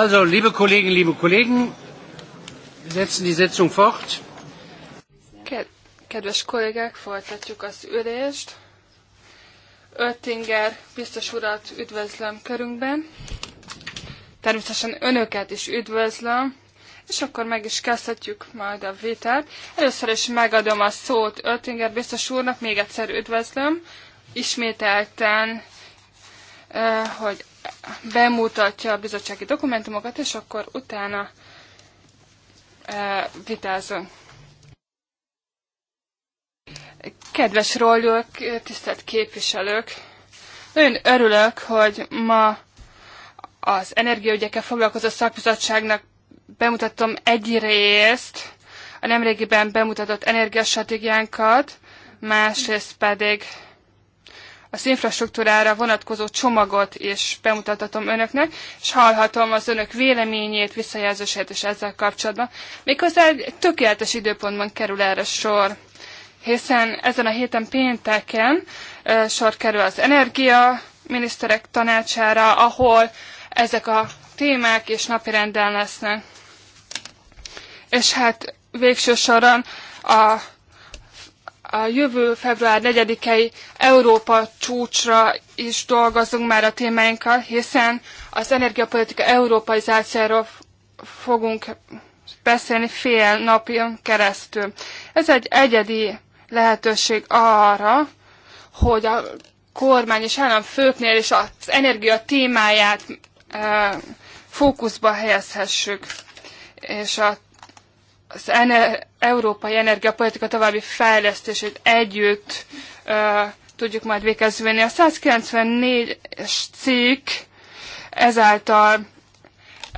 Also, liebe Kolleginnen, liebe Kollegen, wir setzen die Sitzung fort. Kedves kollégák, folytatjuk az ülést. Öttinger biztos urat üdvözlöm körünkben. Természetesen önöket is üdvözlöm, és akkor meg is kezdhetjük majd a vitát. Először is megadom a szót Öttinger biztos úrnak, még egyszer üdvözlöm. Ismételten, eh, hogy bemutatja a bizottsági dokumentumokat, és akkor utána e, vitázunk. Kedves róljuk, tisztelt képviselők! Nagyon örülök, hogy ma az energiaügyekkel foglalkozó szakbizottságnak bemutatom részt, a nemrégiben bemutatott energiastratégiánkat, másrészt pedig az infrastruktúrára vonatkozó csomagot is bemutathatom önöknek, és hallhatom az önök véleményét, visszajelzését is ezzel kapcsolatban. Méghozzá egy tökéletes időpontban kerül erre sor, hiszen ezen a héten pénteken e, sor kerül az energia miniszterek tanácsára, ahol ezek a témák és napirenden lesznek. És hát végső soron a a jövő február 4-i Európa csúcsra is dolgozunk már a témáinkkal, hiszen az energiapolitika európaizációról fogunk beszélni fél napon keresztül. Ez egy egyedi lehetőség arra, hogy a kormány és államfőknél is az energia témáját e, fókuszba helyezhessük, és a, az ener, európai energiapolitika további fejlesztését együtt tudjuk majd végezni. A 194-es cikk ezáltal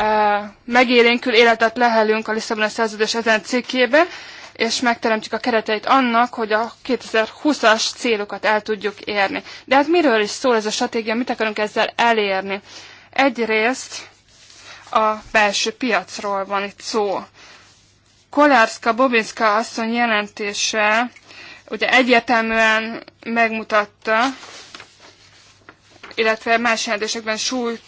ö, megélénkül életet lehelünk a Lisszaboni szerződés ezen cikkében, és megteremtjük a kereteit annak, hogy a 2020-as célokat el tudjuk érni. De hát miről is szól ez a stratégia, mit akarunk ezzel elérni? Egyrészt a belső piacról van itt szó. Kolárszka-Bobinska asszony jelentése ugye egyértelműen megmutatta, illetve más jelentésekben súlyt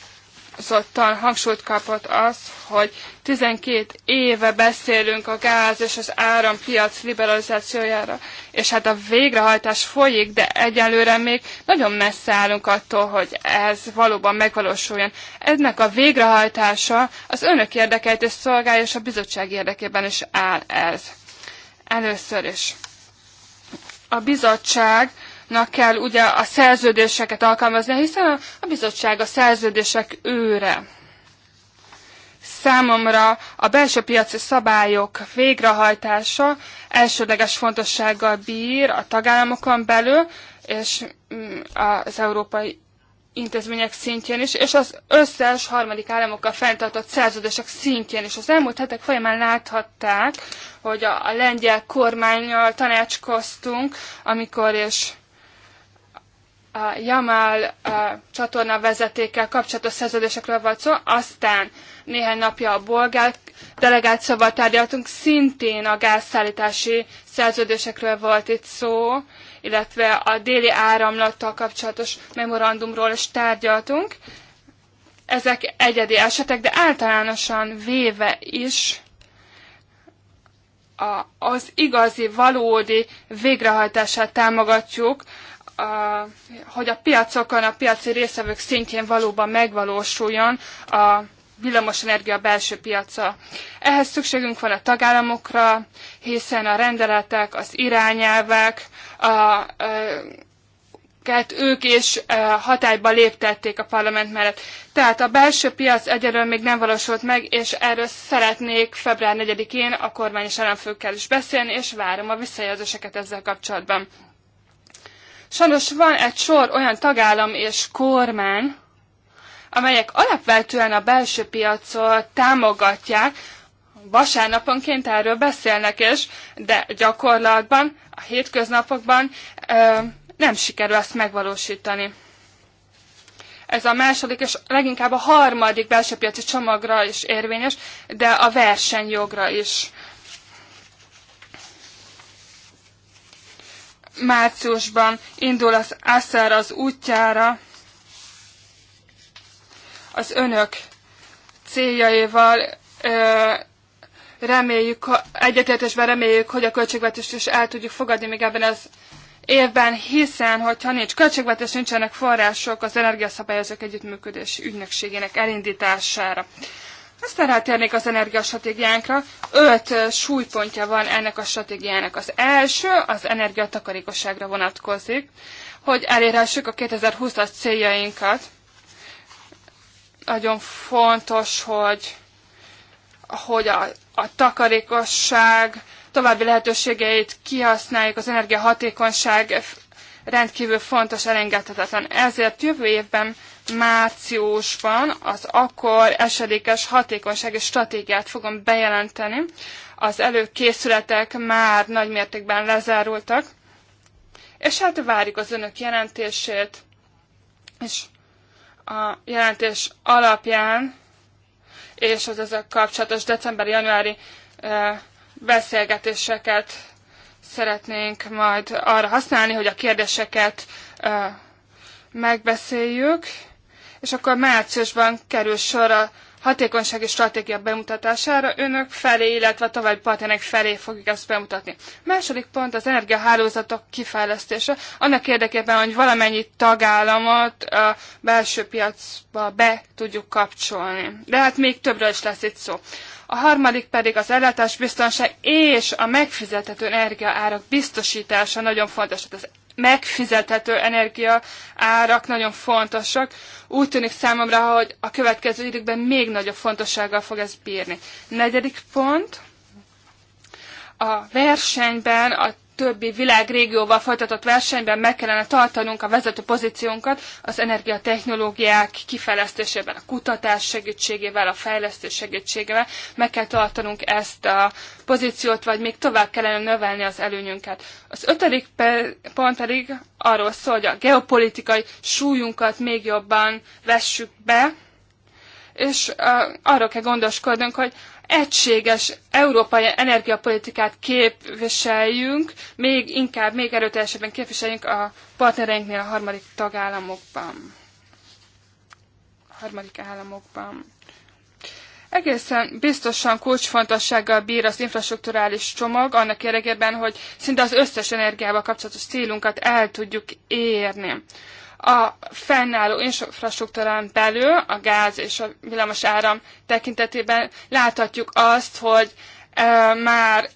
határozottan hangsúlyt kapott az, hogy 12 éve beszélünk a gáz és az árampiac liberalizációjára, és hát a végrehajtás folyik, de egyelőre még nagyon messze állunk attól, hogy ez valóban megvalósuljon. Ennek a végrehajtása az önök érdekeit és szolgálja, és a bizottság érdekében is áll ez. Először is. A bizottság kell ugye a szerződéseket alkalmazni, hiszen a bizottság a szerződések őre. Számomra a belső piaci szabályok végrehajtása elsődleges fontossággal bír a tagállamokon belül, és mm, az európai intézmények szintjén is, és az összes harmadik államokkal fenntartott szerződések szintjén is. Az elmúlt hetek folyamán láthatták, hogy a, a lengyel kormányjal tanácskoztunk, amikor és Jamal csatorna vezetékkel kapcsolatos szerződésekről volt szó, aztán néhány napja a bolgár delegációval tárgyaltunk, szintén a gázszállítási szerződésekről volt itt szó, illetve a déli áramlattal kapcsolatos memorandumról is tárgyaltunk. Ezek egyedi esetek, de általánosan véve is a, az igazi, valódi végrehajtását támogatjuk a, hogy a piacokon, a piaci részevők szintjén valóban megvalósuljon a villamosenergia belső piaca. Ehhez szükségünk van a tagállamokra, hiszen a rendeletek, az irányelvek, a, a e, ők is e, hatályba léptették a parlament mellett. Tehát a belső piac egyelőre még nem valósult meg, és erről szeretnék február 4-én a kormány és államfőkkel is beszélni, és várom a visszajelzéseket ezzel kapcsolatban. Sajnos van egy sor olyan tagállam és kormány, amelyek alapvetően a belső piacot támogatják, vasárnaponként erről beszélnek is, de gyakorlatban, a hétköznapokban ö, nem sikerül ezt megvalósítani. Ez a második és leginkább a harmadik belső piaci csomagra is érvényes, de a versenyjogra is. márciusban indul az ASZER az útjára az önök céljaival. Reméljük, egyetértésben reméljük, hogy a költségvetést is el tudjuk fogadni még ebben az évben, hiszen, hogyha nincs költségvetés, nincsenek források az energiaszabályozók együttműködési ügynökségének elindítására. Aztán rátérnék az energiastratégiánkra. Öt súlypontja van ennek a stratégiának. Az első az energiatakarékosságra vonatkozik, hogy elérhessük a 2020-as céljainkat. Nagyon fontos, hogy, hogy a, a takarékosság további lehetőségeit kihasználjuk, az energiahatékonyság rendkívül fontos, elengedhetetlen. Ezért jövő évben márciusban az akkor esedékes hatékonysági stratégiát fogom bejelenteni. Az előkészületek már nagymértékben lezárultak, és hát várjuk az önök jelentését, és a jelentés alapján és az ezzel kapcsolatos december-januári beszélgetéseket szeretnénk majd arra használni, hogy a kérdéseket megbeszéljük, és akkor márciusban kerül sor a hatékonysági stratégia bemutatására önök felé, illetve a további partnerek felé fogjuk ezt bemutatni. Második pont az energiahálózatok kifejlesztése. Annak érdekében, hogy valamennyi tagállamot a belső piacba be tudjuk kapcsolni. De hát még többről is lesz itt szó. A harmadik pedig az ellátásbiztonság és a megfizethető energiaárak biztosítása nagyon fontos. Tehát az megfizethető energia árak nagyon fontosak. Úgy tűnik számomra, hogy a következő időkben még nagyobb fontossággal fog ez bírni. Negyedik pont. A versenyben a többi világrégióval folytatott versenyben meg kellene tartanunk a vezető pozíciónkat az energiatechnológiák kifejlesztésében, a kutatás segítségével, a fejlesztés segítségével. Meg kell tartanunk ezt a pozíciót, vagy még tovább kellene növelni az előnyünket. Az ötödik pont pedig arról szól, hogy a geopolitikai súlyunkat még jobban vessük be, és uh, arról kell gondoskodnunk, hogy egységes európai energiapolitikát képviseljünk, még inkább, még erőteljesebben képviseljünk a partnereinknél a harmadik tagállamokban. A harmadik államokban. Egészen biztosan kulcsfontossággal bír az infrastruktúrális csomag annak érdekében, hogy szinte az összes energiával kapcsolatos célunkat el tudjuk érni a fennálló infrastruktúrán belül, a gáz és a villamos áram tekintetében láthatjuk azt, hogy e, már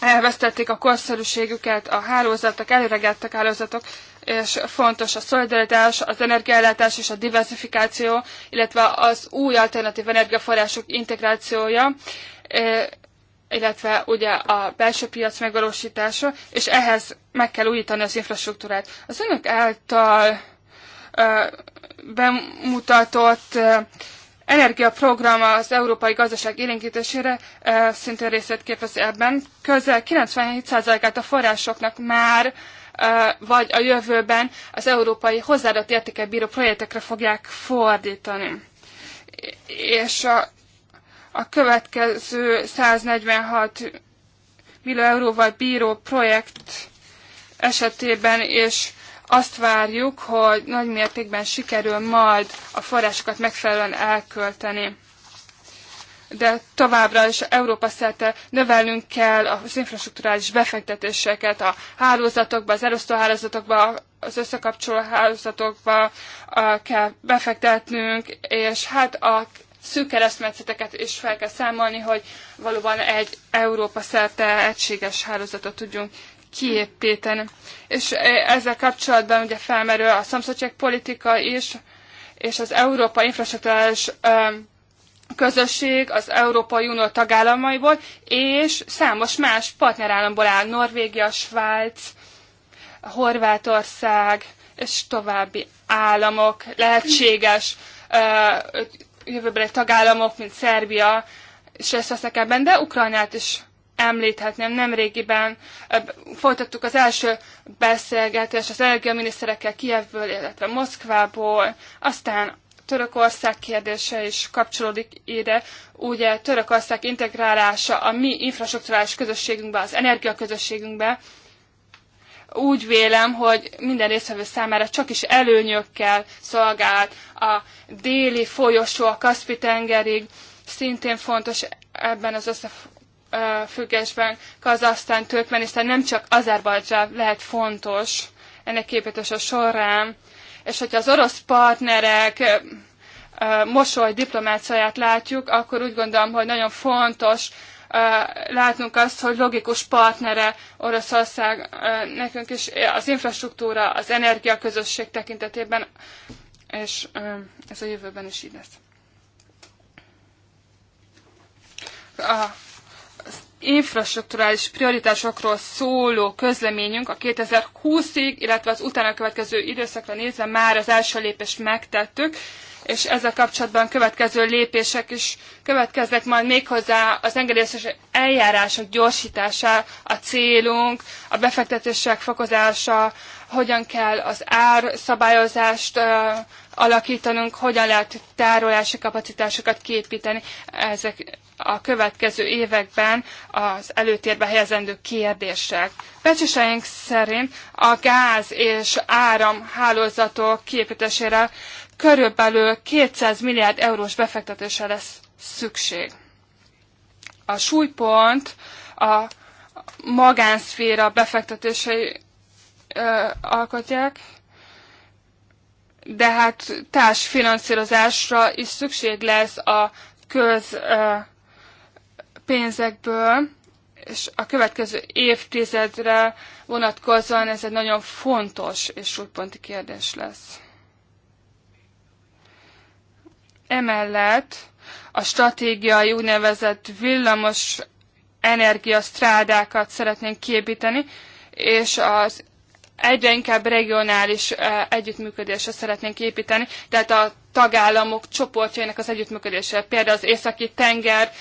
elvesztették a korszerűségüket a hálózatok, előregettek hálózatok, és fontos a szolidaritás, az energiaellátás és a diversifikáció, illetve az új alternatív energiaforrások integrációja. E, illetve ugye a belső piac megvalósítása, és ehhez meg kell újítani az infrastruktúrát. Az önök által ö, bemutatott energiaprogram az európai gazdaság élénkítésére szintén részét képezi ebben. Közel 97%-át a forrásoknak már vagy a jövőben az európai hozzáadott értéket bíró projektekre fogják fordítani. És a a következő 146 millió euróval bíró projekt esetében és azt várjuk, hogy nagy mértékben sikerül majd a forrásokat megfelelően elkölteni. De továbbra is Európa szerte növelnünk kell az infrastruktúrális befektetéseket a hálózatokba, az elosztóhálózatokba, az összekapcsoló hálózatokba kell befektetnünk, és hát a szűk keresztmetszeteket is fel kell számolni, hogy valóban egy Európa szerte egységes hálózatot tudjunk kiépíteni. És e, ezzel kapcsolatban ugye felmerül a szomszédságpolitika politika is, és az Európa infrastruktúrális közösség az Európai Unió tagállamaiból, és számos más partnerállamból áll, Norvégia, Svájc, Horvátország, és további államok lehetséges jövőbeli tagállamok, mint Szerbia, és ezt vesznek ebben, de Ukrajnát is említhetném. Nemrégiben folytattuk az első beszélgetést az energiaminiszterekkel Kievből, illetve Moszkvából, aztán Törökország kérdése is kapcsolódik ide. Ugye Törökország integrálása a mi infrastruktúrális közösségünkbe, az energiaközösségünkbe, közösségünkbe, úgy vélem, hogy minden résztvevő számára csak is előnyökkel szolgált a déli folyosó a Kaspi-tengerig, szintén fontos ebben az összefüggésben Kazasztán, Türkmenisztán, nem csak Azerbajdzsán lehet fontos ennek a során, és hogyha az orosz partnerek mosoly diplomáciáját látjuk, akkor úgy gondolom, hogy nagyon fontos látnunk azt, hogy logikus partnere Oroszország nekünk is az infrastruktúra, az energiaközösség tekintetében, és ez a jövőben is így lesz. Az infrastruktúrális prioritásokról szóló közleményünk a 2020-ig, illetve az utána következő időszakra nézve már az első lépést megtettük, és ezzel kapcsolatban következő lépések is következnek majd méghozzá az engedélyezés eljárások gyorsítása, a célunk, a befektetések fokozása, hogyan kell az árszabályozást ö, alakítanunk, hogyan lehet tárolási kapacitásokat képíteni. Ezek a következő években az előtérbe helyezendő kérdések. Becséseink szerint a gáz és áram hálózatok képítésére körülbelül 200 milliárd eurós befektetése lesz szükség. A súlypont a magánszféra befektetései ö, alkotják, de hát társfinanszírozásra is szükség lesz a köz pénzekből, és a következő évtizedre vonatkozóan ez egy nagyon fontos és súlyponti kérdés lesz. Emellett a stratégiai úgynevezett villamos energiastrádákat szeretnénk képíteni, és az egyre inkább regionális együttműködésre szeretnénk építeni, tehát a tagállamok csoportjainak az együttműködése, például az északi tenger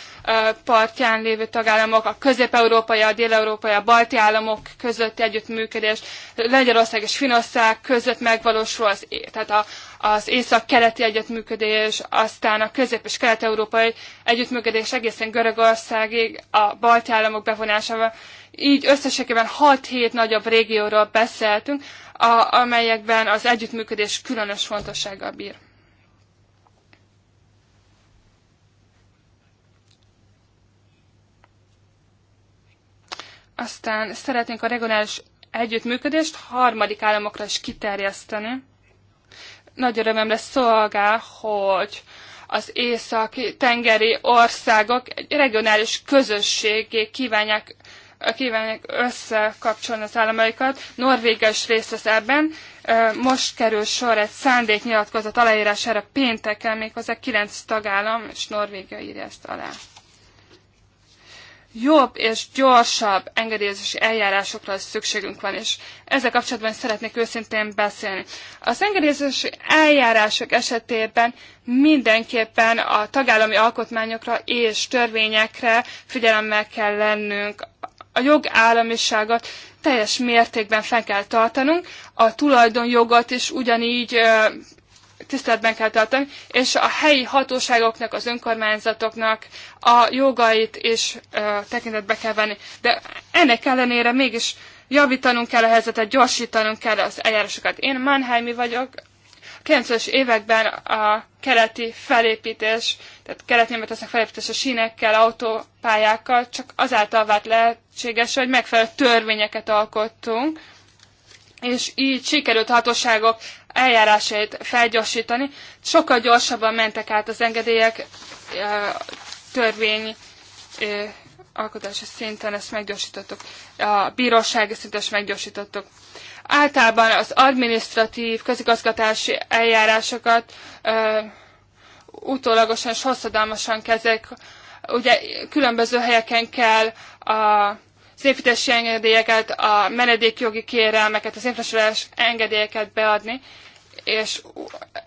partján lévő tagállamok, a közép-európai, a dél-európai, a balti államok közötti együttműködés, Lengyelország és Finország között megvalósul az, tehát a, az észak-keleti együttműködés, aztán a közép- és kelet-európai együttműködés egészen Görögországig, a balti államok bevonásával, így összességében 6-7 nagyobb régióról beszéltünk, a, amelyekben az együttműködés különös fontossággal bír. Aztán szeretnénk a regionális együttműködést harmadik államokra is kiterjeszteni. Nagy örömömre szolgál, hogy az északi tengeri országok egy regionális közösségé kívánják kívánják összekapcsolni az államaikat. Norvégia is részt vesz ebben. Most kerül sor egy szándéknyilatkozat aláírására pénteken, méghozzá kilenc tagállam, és Norvégia írja ezt alá. Jobb és gyorsabb engedélyezési eljárásokra is szükségünk van, és ezzel kapcsolatban szeretnék őszintén beszélni. Az engedélyezési eljárások esetében mindenképpen a tagállami alkotmányokra és törvényekre figyelemmel kell lennünk a jogállamiságot teljes mértékben fel kell tartanunk, a tulajdonjogot is ugyanígy tiszteletben kell tartani, és a helyi hatóságoknak, az önkormányzatoknak a jogait is tekintetbe kell venni. De ennek ellenére mégis javítanunk kell a helyzetet, gyorsítanunk kell az eljárásokat. Én Mannheimi vagyok, 90-es években a keleti felépítés, tehát kelet felépítés felépítése sínekkel, autópályákkal csak azáltal vált lehetséges, hogy megfelelő törvényeket alkottunk, és így sikerült hatóságok eljárásait felgyorsítani. Sokkal gyorsabban mentek át az engedélyek törvény alkotási szinten, ezt meggyorsítottuk. A bírósági szinten is meggyorsítottuk általában az administratív, közigazgatási eljárásokat ö, utólagosan és hosszadalmasan kezdek. Ugye különböző helyeken kell a az építési engedélyeket, a menedékjogi kérelmeket, az infrastruktúrás engedélyeket beadni, és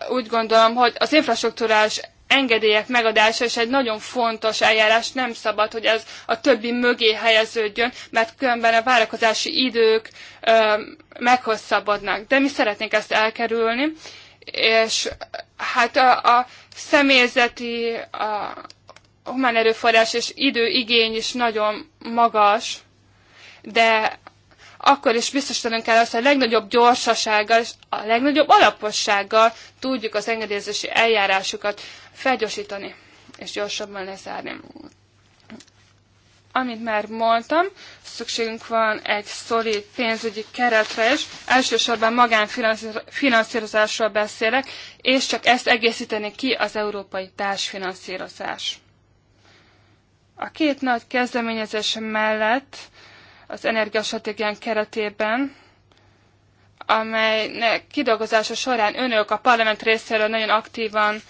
úgy gondolom, hogy az infrastruktúrás engedélyek megadása is egy nagyon fontos eljárás, nem szabad, hogy ez a többi mögé helyeződjön, mert különben a várakozási idők ö, meghosszabbodnak. De mi szeretnénk ezt elkerülni, és hát a, a személyzeti, a humán erőforrás és időigény is nagyon magas, de akkor is biztosítanunk kell azt, hogy a legnagyobb gyorsasággal és a legnagyobb alapossággal tudjuk az engedélyezési eljárásukat felgyorsítani és gyorsabban lezárni. Amit már mondtam, szükségünk van egy szolid pénzügyi keretre is, elsősorban magánfinanszírozásról beszélek, és csak ezt egészíteni ki az európai társfinanszírozás. A két nagy kezdeményezés mellett az energiastratégián keretében, amelynek kidolgozása során önök a parlament részéről nagyon aktívan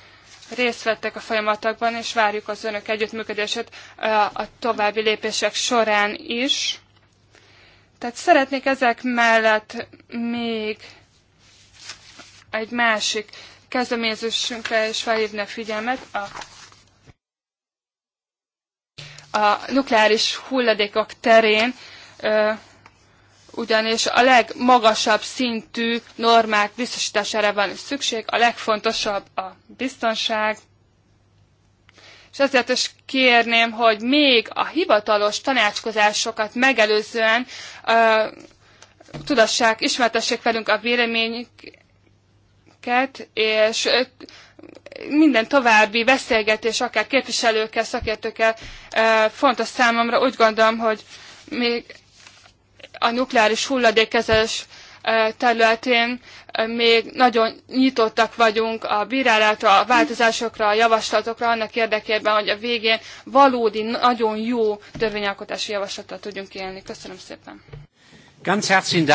részt vettek a folyamatokban, és várjuk az önök együttműködését a további lépések során is. Tehát szeretnék ezek mellett még egy másik kezdeményezésünkre is felhívni a figyelmet, a, a nukleáris hulladékok terén ugyanis a legmagasabb szintű normák biztosítására van szükség, a legfontosabb a biztonság, és ezért is kérném, hogy még a hivatalos tanácskozásokat megelőzően tudassák, ismertessék velünk a véleményüket, és minden további beszélgetés, akár képviselőkkel, szakértőkkel ö, fontos számomra. Úgy gondolom, hogy még a nukleáris hulladékezés területén még nagyon nyitottak vagyunk a bírálatra, a változásokra, a javaslatokra, annak érdekében, hogy a végén valódi, nagyon jó törvényalkotási javaslattal tudjunk élni. Köszönöm szépen.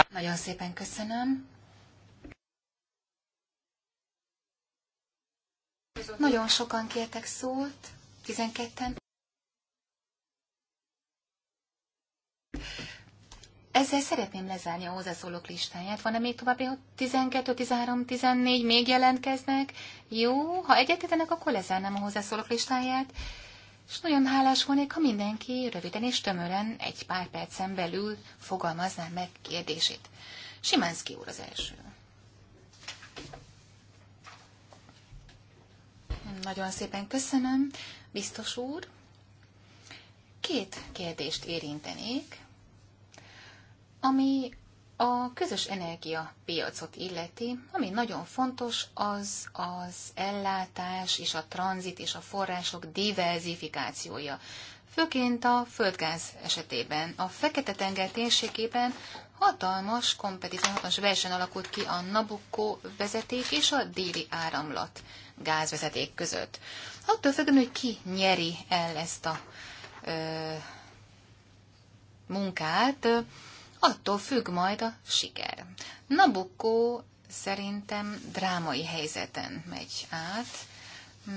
Nagyon szépen köszönöm. Nagyon sokan kértek szót, 12-en. Ezzel szeretném lezárni a hozzászólók listáját. Van-e még további 12, 13, 14 még jelentkeznek? Jó, ha egyetetenek, akkor lezárnám a hozzászólók listáját. És nagyon hálás volnék, ha mindenki röviden és tömören egy pár percen belül fogalmazná meg kérdését. Simánszki úr az első. Nagyon szépen köszönöm, biztos úr. Két kérdést érintenék. Ami a közös energiapiacot illeti, ami nagyon fontos, az az ellátás és a tranzit és a források diverzifikációja. Főként a földgáz esetében. A Fekete-tenger térségében hatalmas kompetitív, hatalmas verseny alakult ki a Nabucco vezeték és a déli áramlat gázvezeték között. Attól függően, hogy ki nyeri el ezt a ö, munkát, attól függ majd a siker. Nabukó szerintem drámai helyzeten megy át,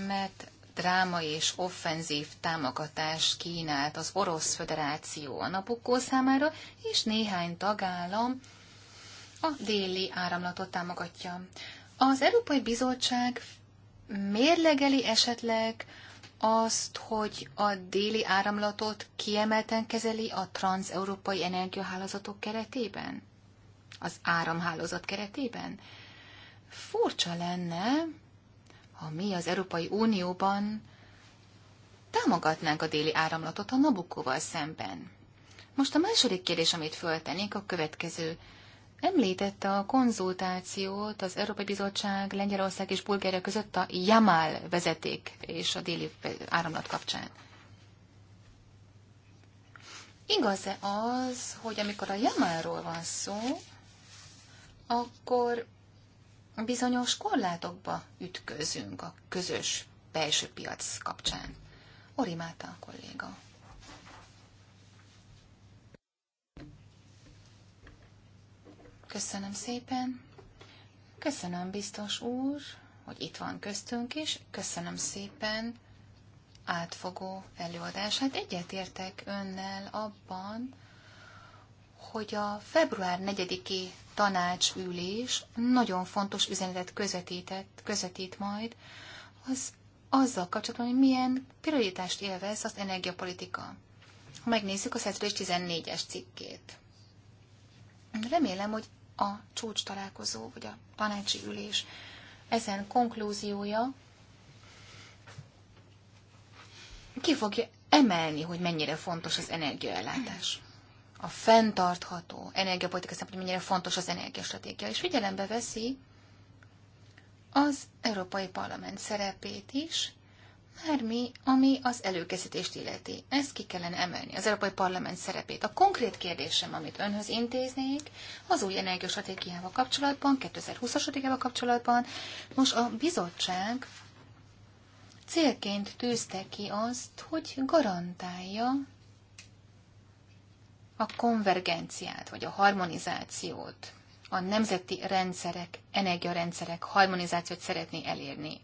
mert drámai és offenzív támogatást kínált az Orosz Föderáció a Nabukó számára, és néhány tagállam a déli áramlatot támogatja. Az Európai Bizottság mérlegeli esetleg azt, hogy a déli áramlatot kiemelten kezeli a transeurópai energiahálózatok keretében? Az áramhálózat keretében? Furcsa lenne, ha mi az Európai Unióban támogatnánk a déli áramlatot a Nabukóval szemben. Most a második kérdés, amit föltennék, a következő. Említette a konzultációt az Európai Bizottság Lengyelország és Bulgária között a Jamal vezeték és a déli áramlat kapcsán. Igaz-e az, hogy amikor a Jamalról van szó, akkor bizonyos korlátokba ütközünk a közös belső piac kapcsán? Orimáta a kolléga. Köszönöm szépen. Köszönöm, biztos úr, hogy itt van köztünk is. Köszönöm szépen átfogó előadását. Egyetértek önnel abban, hogy a február 4-i tanácsülés nagyon fontos üzenetet közvetített, közvetít majd az azzal kapcsolatban, hogy milyen prioritást élvez az energiapolitika. Ha megnézzük a 114-es cikkét. Remélem, hogy a csúcs találkozó, vagy a tanácsi ülés. Ezen konklúziója ki fogja emelni, hogy mennyire fontos az energiaellátás. A fenntartható energiapolitika szempontjából mennyire fontos az energiastratégia, és figyelembe veszi az Európai Parlament szerepét is, bármi, ami az előkészítést illeti. Ezt ki kellene emelni, az Európai Parlament szerepét. A konkrét kérdésem, amit önhöz intéznék, az új energiastratégiával kapcsolatban, 2020 ával kapcsolatban, most a bizottság célként tűzte ki azt, hogy garantálja a konvergenciát, vagy a harmonizációt, a nemzeti rendszerek, energiarendszerek harmonizációt szeretné elérni.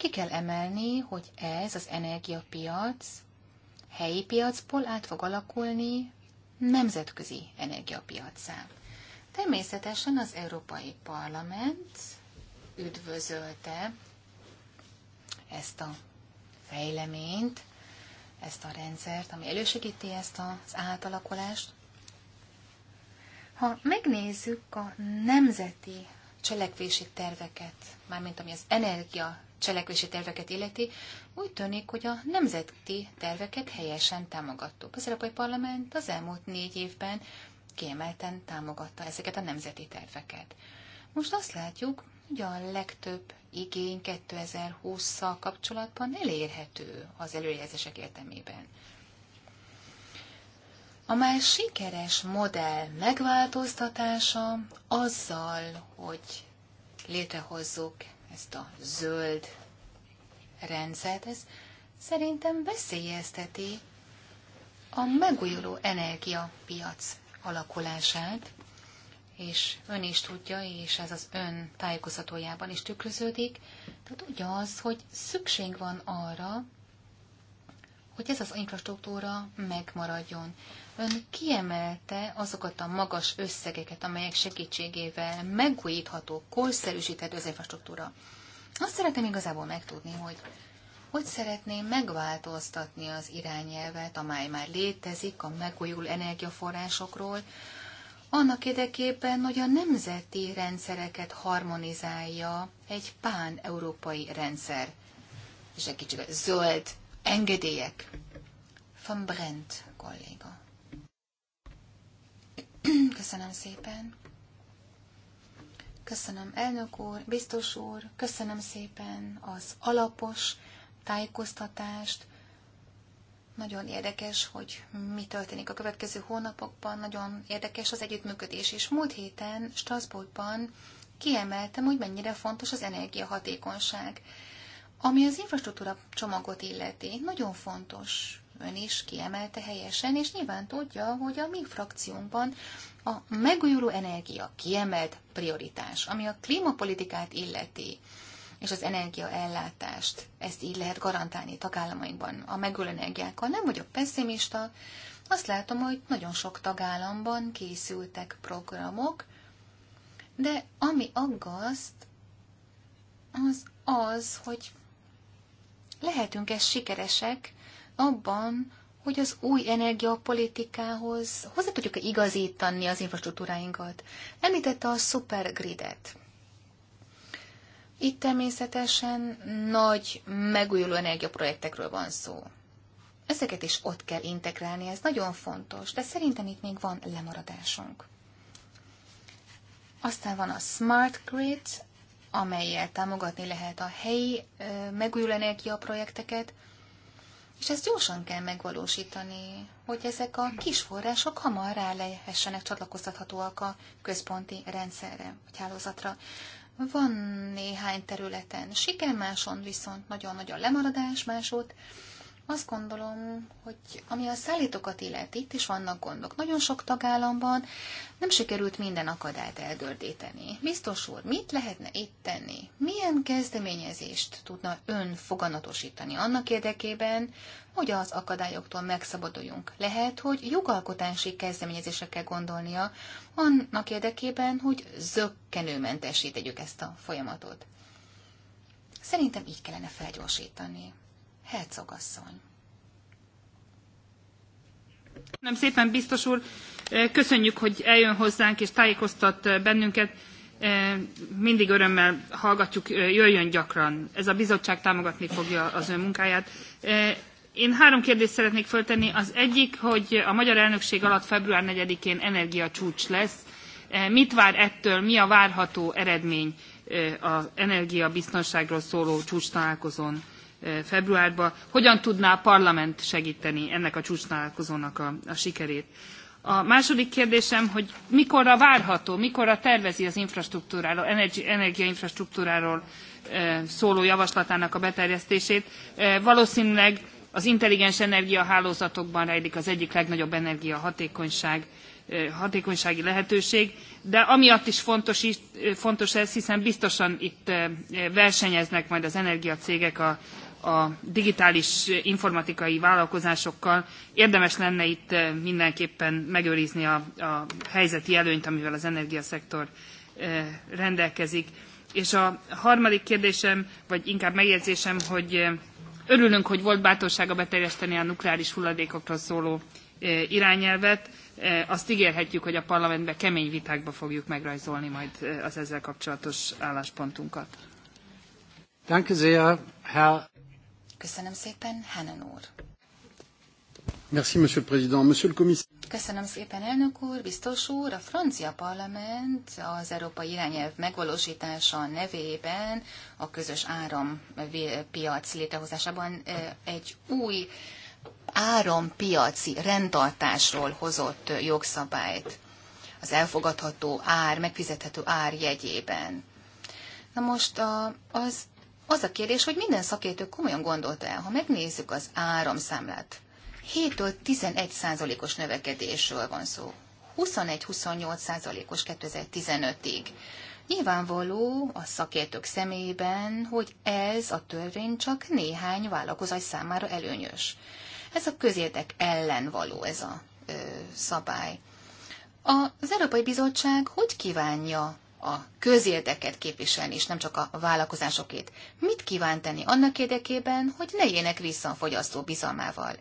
Ki kell emelni, hogy ez az energiapiac helyi piacból át fog alakulni nemzetközi energiapiacá. Természetesen az Európai Parlament üdvözölte ezt a fejleményt, ezt a rendszert, ami elősegíti ezt az átalakulást. Ha megnézzük a nemzeti cselekvési terveket, mármint ami az energia cselekvési terveket illeti, úgy tűnik, hogy a nemzeti terveket helyesen támogattuk. Az Európai Parlament az elmúlt négy évben kiemelten támogatta ezeket a nemzeti terveket. Most azt látjuk, hogy a legtöbb igény 2020-szal kapcsolatban elérhető az előjelzések értelmében amely sikeres modell megváltoztatása azzal, hogy létrehozzuk ezt a zöld rendszert, ez szerintem veszélyezteti a megújuló energiapiac alakulását, és ön is tudja, és ez az ön tájékozatójában is tükröződik, tehát tudja az, hogy szükség van arra, hogy ez az infrastruktúra megmaradjon. Ön kiemelte azokat a magas összegeket, amelyek segítségével megújítható, korszerűsíthető az infrastruktúra. Azt szeretném igazából megtudni, hogy hogy szeretném megváltoztatni az irányelvet, amely már létezik a megújuló energiaforrásokról, annak érdekében, hogy a nemzeti rendszereket harmonizálja egy pán-európai rendszer. És egy kicsit zöld engedélyek. Van Brent kolléga. Köszönöm szépen. Köszönöm elnök úr, biztos úr, köszönöm szépen az alapos tájékoztatást. Nagyon érdekes, hogy mi történik a következő hónapokban, nagyon érdekes az együttműködés, és múlt héten Strasbourgban kiemeltem, hogy mennyire fontos az energiahatékonyság. Ami az infrastruktúra csomagot illeti, nagyon fontos. Ön is kiemelte helyesen, és nyilván tudja, hogy a mi frakciónkban a megújuló energia kiemelt prioritás, ami a klímapolitikát illeti, és az energiaellátást, ezt így lehet garantálni tagállamainkban a megújuló energiákkal. Nem vagyok pessimista, azt látom, hogy nagyon sok tagállamban készültek programok, de ami aggaszt, az az, hogy lehetünk-e sikeresek abban, hogy az új energiapolitikához hozzá tudjuk -e igazítani az infrastruktúráinkat. Említette a supergridet. Itt természetesen nagy megújuló energiaprojektekről van szó. Ezeket is ott kell integrálni, ez nagyon fontos, de szerintem itt még van lemaradásunk. Aztán van a Smart Grid, amelyel támogatni lehet a helyi megújuló projekteket, és ezt gyorsan kell megvalósítani, hogy ezek a kis források hamar rá lehessenek csatlakoztathatóak a központi rendszerre, vagy hálózatra. Van néhány területen siker, máson viszont nagyon nagyon lemaradás, másod azt gondolom, hogy ami a szállítókat illeti, itt is vannak gondok. Nagyon sok tagállamban nem sikerült minden akadályt elgördíteni. Biztos úr, mit lehetne itt tenni? Milyen kezdeményezést tudna ön foganatosítani annak érdekében, hogy az akadályoktól megszabaduljunk? Lehet, hogy jogalkotási kezdeményezésre kell gondolnia annak érdekében, hogy zöggenőmentesé ezt a folyamatot. Szerintem így kellene felgyorsítani. Hercogasszony. Nem szépen, biztos úr, eh, köszönjük, hogy eljön hozzánk és tájékoztat eh, bennünket. Eh, mindig örömmel hallgatjuk, jöjjön gyakran. Ez a bizottság támogatni fogja az ön munkáját. Én három kérdést szeretnék föltenni. Az egyik, hogy a magyar elnökség alatt február 4-én energiacsúcs lesz. Mit vár ettől, mi a várható eredmény az energiabiztonságról szóló csúcs találkozón? februárban, hogyan tudná a parlament segíteni ennek a csúcsnálkozónak a, a sikerét. A második kérdésem, hogy mikorra várható, mikorra tervezi az infrastruktúráról, energiainfrastruktúráról szóló javaslatának a beterjesztését. Valószínűleg az intelligens energiahálózatokban rejlik az egyik legnagyobb energiahatékonyság hatékonysági lehetőség, de amiatt is fontos, fontos ez, hiszen biztosan itt versenyeznek majd az energiacégek a, a digitális informatikai vállalkozásokkal. Érdemes lenne itt eh, mindenképpen megőrizni a, a helyzeti előnyt, amivel az energiaszektor eh, rendelkezik. És a harmadik kérdésem, vagy inkább megjegyzésem, hogy eh, örülünk, hogy volt bátorsága beterjeszteni a nukleáris hulladékokról szóló irányelvet. Azt ígérhetjük, hogy a parlamentben kemény vitákba fogjuk megrajzolni majd az ezzel kapcsolatos álláspontunkat. Danke sehr, Herr Köszönöm szépen, Hanan úr. Merci, monsieur le président. Monsieur le commissaire. Köszönöm szépen, elnök úr, biztos úr. A francia parlament az európai irányelv megvalósítása nevében a közös árampiac létrehozásában eh, egy új árampiaci rendtartásról hozott eh, jogszabályt az elfogadható ár, megfizethető ár jegyében. Na most az az a kérdés, hogy minden szakértő komolyan gondolta el, ha megnézzük az áramszámlát. 7-től 11 százalékos növekedésről van szó. 21-28 százalékos 2015-ig. Nyilvánvaló a szakértők szemében, hogy ez a törvény csak néhány vállalkozás számára előnyös. Ez a közérdek ellen való ez a ö, szabály. Az Európai Bizottság hogy kívánja a közérdeket képviselni, és nem csak a vállalkozásokét. Mit kíván tenni annak érdekében, hogy ne éljenek vissza a fogyasztó bizalmával?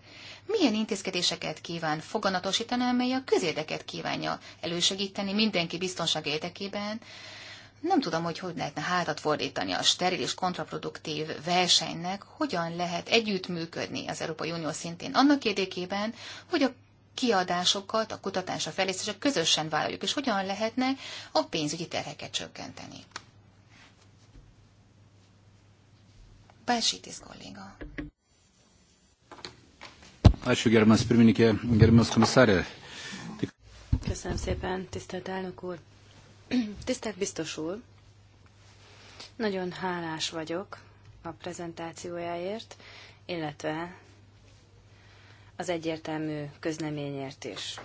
Milyen intézkedéseket kíván foganatosítani, amely a közérdeket kívánja elősegíteni mindenki biztonság érdekében? Nem tudom, hogy hogy lehetne hátat fordítani a steril és kontraproduktív versenynek, hogyan lehet együttműködni az Európai Unió szintén annak érdekében, hogy a kiadásokat, a kutatás, a közösen vállaljuk, és hogyan lehetne a pénzügyi terheket csökkenteni. Balšytis kolléga. Köszönöm szépen, tisztelt elnök úr. Tisztelt biztos úr, nagyon hálás vagyok a prezentációjáért, illetve az egyértelmű közleményért is.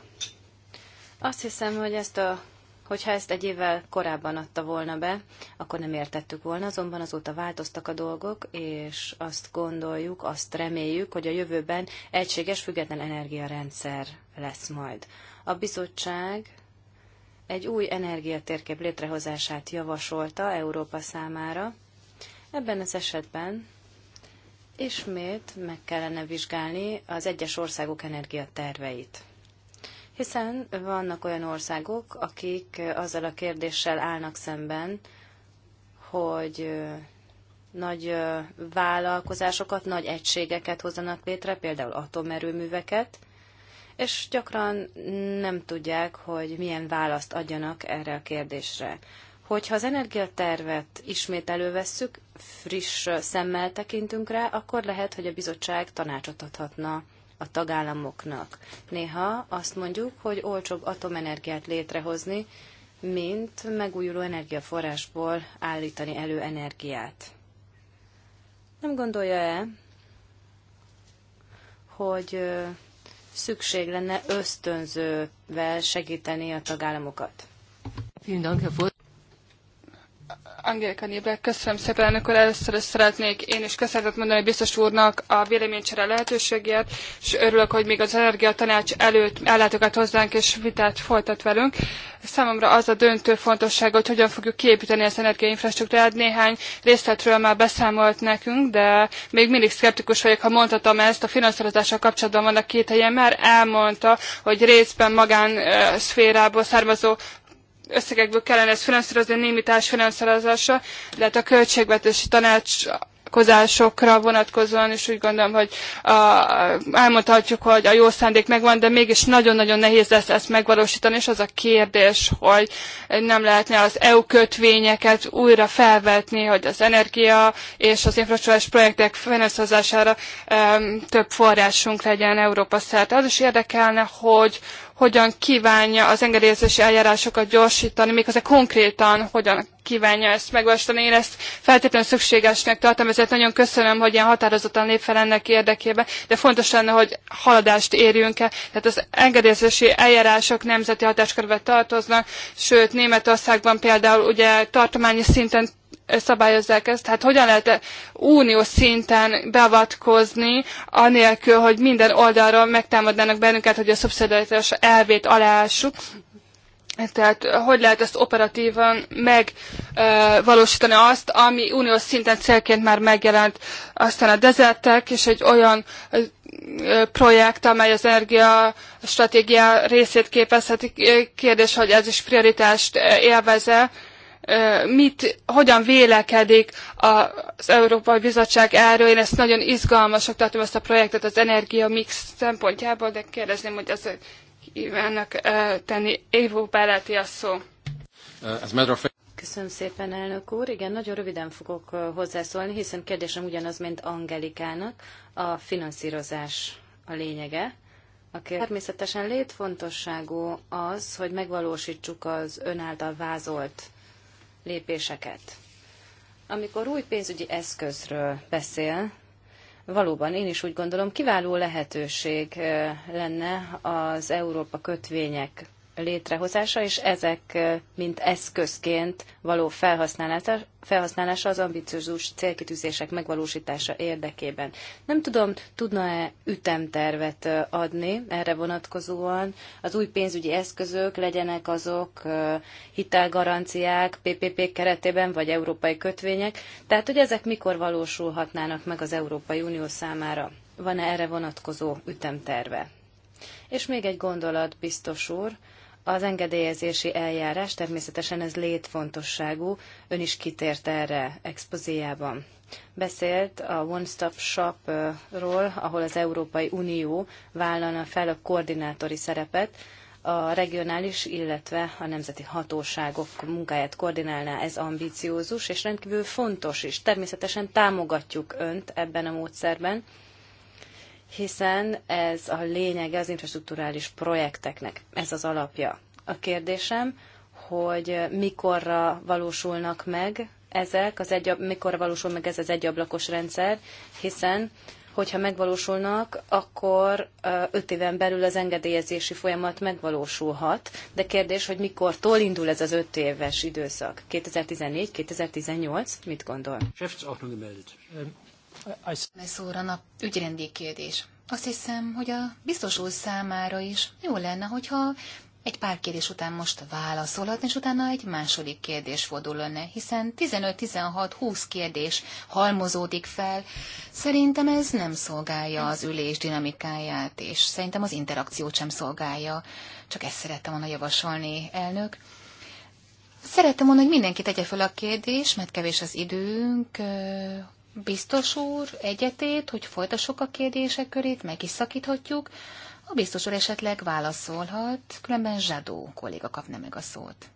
Azt hiszem, hogy ezt a, hogyha ezt egy évvel korábban adta volna be, akkor nem értettük volna, azonban azóta változtak a dolgok, és azt gondoljuk, azt reméljük, hogy a jövőben egységes, független energiarendszer lesz majd. A bizottság egy új energiatérkép létrehozását javasolta Európa számára. Ebben az esetben Ismét meg kellene vizsgálni az egyes országok energiaterveit. Hiszen vannak olyan országok, akik azzal a kérdéssel állnak szemben, hogy nagy vállalkozásokat, nagy egységeket hozzanak létre, például atomerőműveket, és gyakran nem tudják, hogy milyen választ adjanak erre a kérdésre. Hogyha az energiatervet ismét elővesszük, friss szemmel tekintünk rá, akkor lehet, hogy a bizottság tanácsot adhatna a tagállamoknak. Néha azt mondjuk, hogy olcsóbb atomenergiát létrehozni, mint megújuló energiaforrásból állítani elő energiát. Nem gondolja-e, hogy szükség lenne ösztönzővel segíteni a tagállamokat? Angélika Nébrek, köszönöm szépen, elnök úr. Először is szeretnék én is köszönetet mondani a biztos úrnak a véleménycsere lehetőségért, és örülök, hogy még az Energia Tanács előtt ellátogat hozzánk, és vitát folytat velünk. Számomra az a döntő fontosság, hogy hogyan fogjuk kiépíteni az energiainfrastruktúrát. Néhány részletről már beszámolt nekünk, de még mindig szkeptikus vagyok, ha mondhatom ezt. A finanszírozással kapcsolatban vannak két helyen, már elmondta, hogy részben magán származó összegekből kellene ezt finanszírozni némi társfinanszírozásra, de hát a költségvetési tanács vállalkozásokra vonatkozóan is úgy gondolom, hogy a, elmondhatjuk, hogy a jó szándék megvan, de mégis nagyon-nagyon nehéz lesz ezt megvalósítani, és az a kérdés, hogy nem lehetne az EU kötvényeket újra felvetni, hogy az energia és az infrastruktúrás projektek finanszírozására több forrásunk legyen Európa szerte. Az is érdekelne, hogy hogyan kívánja az engedélyezési eljárásokat gyorsítani, méghozzá konkrétan hogyan kívánja ezt megvastani. Én ezt feltétlenül szükségesnek tartom, ezért nagyon köszönöm, hogy ilyen határozottan lép fel ennek érdekében, de fontos lenne, hogy haladást érjünk el. Tehát az engedélyezési eljárások nemzeti hatáskörbe tartoznak, sőt Németországban például ugye tartományi szinten szabályozzák ezt, tehát hogyan lehet uniós szinten beavatkozni, anélkül, hogy minden oldalról megtámadnának bennünket, hogy a szubszidiaritás elvét aláássuk. Tehát hogy lehet ezt operatívan megvalósítani azt, ami uniós szinten célként már megjelent, aztán a dezertek, és egy olyan projekt, amely az energia stratégia részét képezheti. Kérdés, hogy ez is prioritást élveze. Mit, hogyan vélekedik az Európai Bizottság erről? Én ezt nagyon izgalmasnak tartom ezt a projektet az energia mix szempontjából, de kérdezném, hogy ez kívánnak tenni. Évó Beláti a szó. Köszönöm szépen, elnök úr. Igen, nagyon röviden fogok hozzászólni, hiszen kérdésem ugyanaz, mint Angelikának. A finanszírozás a lényege. A kér... Természetesen létfontosságú az, hogy megvalósítsuk az ön által vázolt lépéseket. Amikor új pénzügyi eszközről beszél, Valóban, én is úgy gondolom, kiváló lehetőség lenne az Európa kötvények létrehozása, és ezek mint eszközként való felhasználása, felhasználása az ambiciózus célkitűzések megvalósítása érdekében. Nem tudom, tudna-e ütemtervet adni erre vonatkozóan? Az új pénzügyi eszközök legyenek azok hitelgaranciák, PPP keretében, vagy európai kötvények, tehát hogy ezek mikor valósulhatnának meg az Európai Unió számára? Van-e erre vonatkozó ütemterve? És még egy gondolat, biztos úr, az engedélyezési eljárás természetesen ez létfontosságú, ön is kitért erre expozéjában. Beszélt a One Stop Shopról, ahol az Európai Unió vállalna fel a koordinátori szerepet, a regionális, illetve a nemzeti hatóságok munkáját koordinálná, ez ambiciózus és rendkívül fontos is. Természetesen támogatjuk önt ebben a módszerben, hiszen ez a lényege az infrastruktúrális projekteknek, ez az alapja. A kérdésem, hogy mikorra valósulnak meg ezek, az egy, mikor valósul meg ez az egyablakos rendszer, hiszen hogyha megvalósulnak, akkor öt éven belül az engedélyezési folyamat megvalósulhat, de kérdés, hogy mikor tól indul ez az öt éves időszak? 2014-2018? Mit gondol? Lesz óra nap ügyrendi kérdés. Azt hiszem, hogy a biztos úr számára is jó lenne, hogyha egy pár kérdés után most válaszolhat, és utána egy második kérdés fordul önne, hiszen 15-16-20 kérdés halmozódik fel. Szerintem ez nem szolgálja az ülés dinamikáját, és szerintem az interakciót sem szolgálja. Csak ezt szerettem volna javasolni, elnök. Szerettem volna, hogy mindenki tegye fel a kérdés, mert kevés az időnk, biztos úr egyetét, hogy folytassuk a kérdések körét, meg is szakíthatjuk. A biztos úr esetleg válaszolhat, különben Zsadó kolléga kapna meg a szót.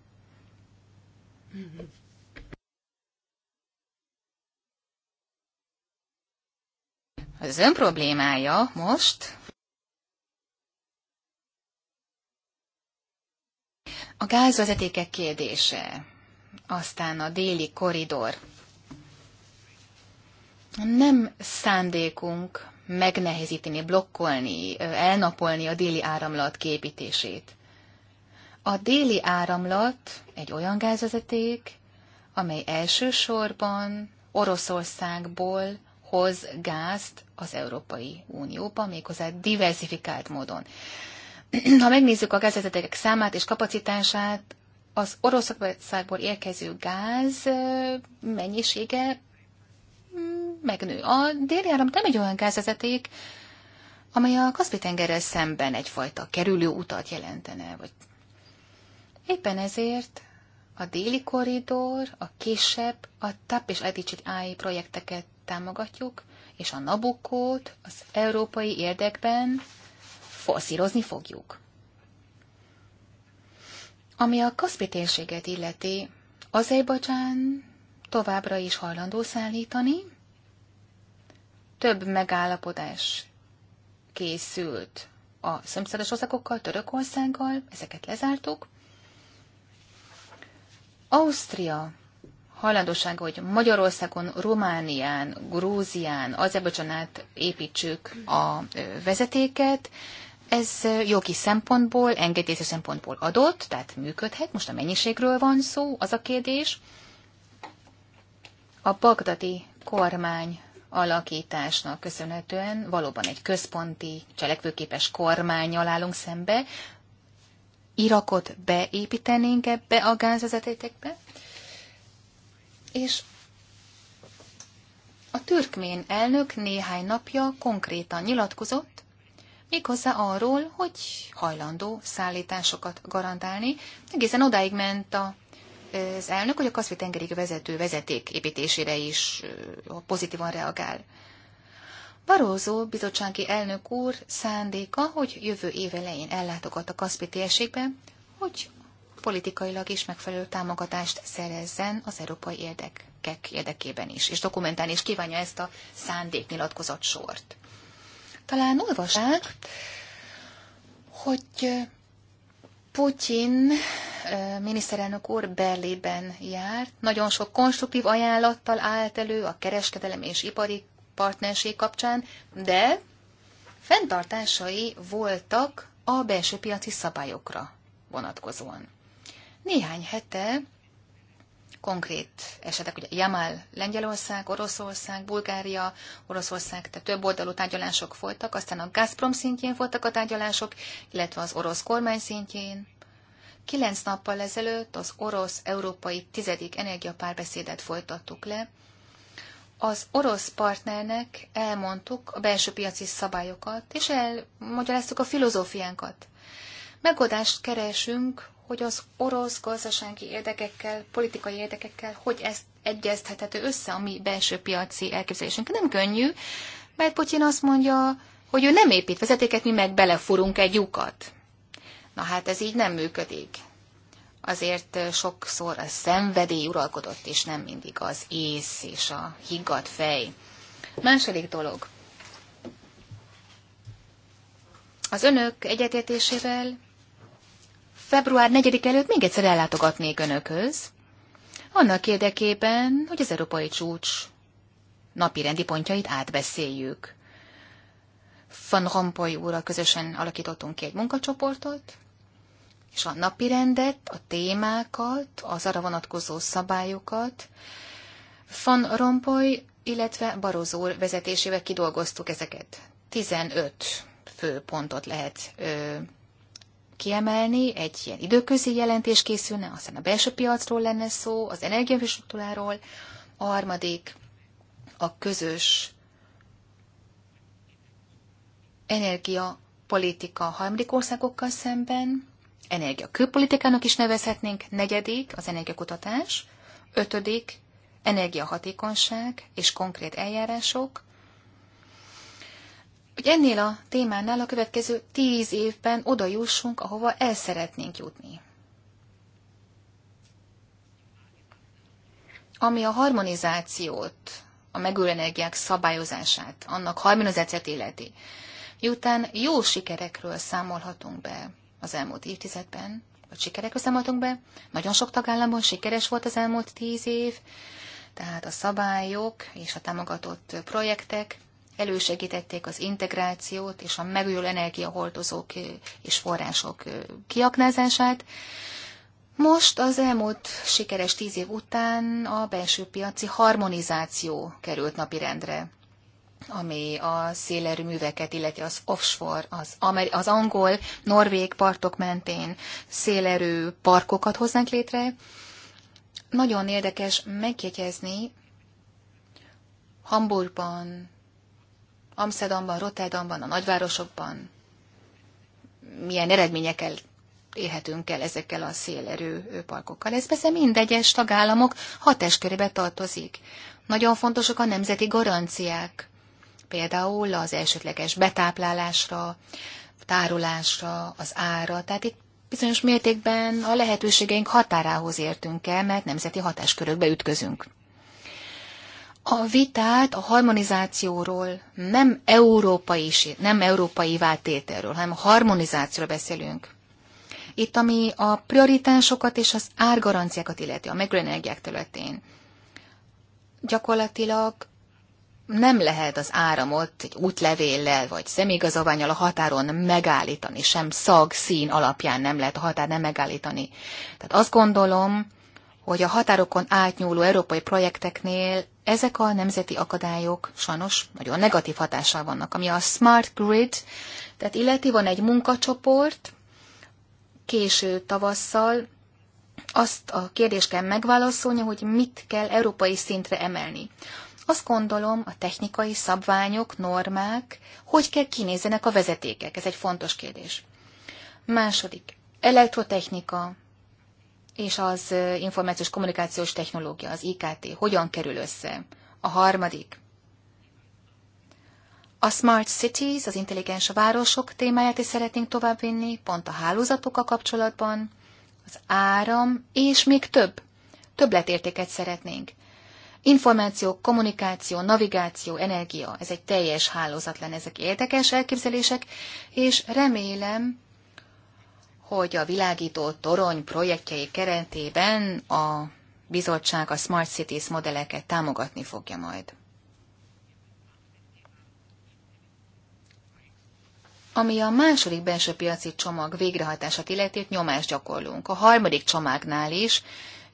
Az ön problémája most, A gázvezetékek kérdése, aztán a déli koridor. Nem szándékunk megnehezíteni, blokkolni, elnapolni a déli áramlat képítését. A déli áramlat egy olyan gázvezeték, amely elsősorban Oroszországból hoz gázt az Európai Unióba, méghozzá diversifikált módon. Ha megnézzük a gázvezetékek számát és kapacitását, az Oroszországból érkező gáz mennyisége megnő. A déli áram nem egy olyan gázvezeték, amely a Kaszpi-tengerrel szemben egyfajta kerülő utat jelentene. Vagy... Éppen ezért a déli korridor, a kisebb, a TAP és Edicsit AI projekteket támogatjuk, és a Nabukót az európai érdekben forszírozni fogjuk. Ami a Kaszpi térséget illeti, Azerbajdzsán továbbra is hajlandó szállítani, több megállapodás készült a szomszédos országokkal, Törökországgal, ezeket lezártuk. Ausztria hajlandósága, hogy Magyarországon, Románián, Grúzián, Azerbajdzsánát építsük a vezetéket, ez jogi szempontból, engedélyes szempontból adott, tehát működhet. Most a mennyiségről van szó, az a kérdés. A bagdadi kormány alakításnak köszönhetően valóban egy központi, cselekvőképes kormányjal állunk szembe. Irakot beépítenénk ebbe a gázvezetékekbe, és a türkmén elnök néhány napja konkrétan nyilatkozott, méghozzá arról, hogy hajlandó szállításokat garantálni. Egészen odáig ment a az elnök, hogy a kaszpi tengeri vezető vezeték építésére is pozitívan reagál. Barózó bizottsági elnök úr szándéka, hogy jövő év elején ellátogat a Kaszpi térségbe, hogy politikailag is megfelelő támogatást szerezzen az európai érdekek érdekében is, és dokumentálni is kívánja ezt a szándéknyilatkozat sort. Talán olvasák, hogy Putyin Eh, miniszterelnök úr Berliben járt, nagyon sok konstruktív ajánlattal állt elő a kereskedelem és ipari partnerség kapcsán, de fenntartásai voltak a belső piaci szabályokra vonatkozóan. Néhány hete konkrét esetek, ugye Jamal Lengyelország, Oroszország, Bulgária, Oroszország, tehát több oldalú tárgyalások folytak, aztán a Gazprom szintjén voltak a tárgyalások, illetve az orosz kormány szintjén, Kilenc nappal ezelőtt az orosz-európai tizedik energiapárbeszédet folytattuk le. Az orosz partnernek elmondtuk a belső piaci szabályokat, és elmagyaráztuk a filozófiánkat. Megoldást keresünk, hogy az orosz gazdasági érdekekkel, politikai érdekekkel, hogy ezt egyeztethető össze a mi belső piaci elképzelésünk. Nem könnyű, mert Putyin azt mondja, hogy ő nem épít vezetéket, mi meg belefurunk egy lyukat. Na hát ez így nem működik. Azért sokszor a szenvedély uralkodott, és nem mindig az ész és a higgadt fej. Második dolog. Az önök egyetértésével február 4 előtt még egyszer ellátogatnék önökhöz, annak érdekében, hogy az európai csúcs napi rendi pontjait átbeszéljük. Van Rompuy úrral közösen alakítottunk ki egy munkacsoportot, és a rendet, a témákat, az arra vonatkozó szabályokat. Van Rompoy, illetve Barozó vezetésével kidolgoztuk ezeket. 15 fő pontot lehet ö, kiemelni, egy ilyen időközi jelentés készülne, aztán a belső piacról lenne szó, az energiainfrastruktúráról, a harmadik a közös energiapolitika harmadik országokkal szemben, energia is nevezhetnénk, negyedik az energiakutatás, ötödik energiahatékonyság és konkrét eljárások, hogy ennél a témánál a következő tíz évben oda jussunk, ahova el szeretnénk jutni. Ami a harmonizációt, a megújuló energiák szabályozását, annak harmonizációt illeti, miután jó sikerekről számolhatunk be, az elmúlt évtizedben, vagy sikerekről számoltunk be. Nagyon sok tagállamban sikeres volt az elmúlt tíz év, tehát a szabályok és a támogatott projektek elősegítették az integrációt és a megújuló energiahordozók és források kiaknázását. Most az elmúlt sikeres tíz év után a belső piaci harmonizáció került napirendre ami a szélerőműveket, illeti az offshore, az, az angol, norvég partok mentén szélerő parkokat hoznak létre. Nagyon érdekes megjegyezni, Hamburgban, Amsterdamban, Rotterdamban, a nagyvárosokban milyen eredményekkel élhetünk el ezekkel a szélerő parkokkal. Ez persze mindegyes tagállamok hatáskörébe tartozik. Nagyon fontosak a nemzeti garanciák például az elsődleges betáplálásra, tárolásra, az ára. Tehát itt bizonyos mértékben a lehetőségeink határához értünk el, mert nemzeti hatáskörökbe ütközünk. A vitát a harmonizációról, nem európai, nem európai váltételről, hanem a harmonizációról beszélünk. Itt, ami a prioritásokat és az árgaranciákat illeti a megújuló energiák területén, gyakorlatilag nem lehet az áramot egy útlevéllel vagy személyigazolványal a határon megállítani, sem szag, szín alapján nem lehet a határ nem megállítani. Tehát azt gondolom, hogy a határokon átnyúló európai projekteknél ezek a nemzeti akadályok sajnos nagyon negatív hatással vannak, ami a Smart Grid, tehát illeti van egy munkacsoport, késő tavasszal azt a kérdést kell megválaszolni, hogy mit kell európai szintre emelni. Azt gondolom, a technikai szabványok, normák, hogy kell kinézzenek a vezetékek? Ez egy fontos kérdés. Második, elektrotechnika és az információs kommunikációs technológia, az IKT, hogyan kerül össze? A harmadik, a Smart Cities, az intelligens városok témáját is szeretnénk továbbvinni, pont a hálózatokkal kapcsolatban, az áram, és még több. Többletértéket szeretnénk. Információ, kommunikáció, navigáció, energia, ez egy teljes hálózat lenne, ezek érdekes elképzelések, és remélem, hogy a világító torony projektjei keretében a bizottság a Smart Cities modelleket támogatni fogja majd. Ami a második belső piaci csomag végrehajtását illeti, nyomást gyakorlunk. A harmadik csomagnál is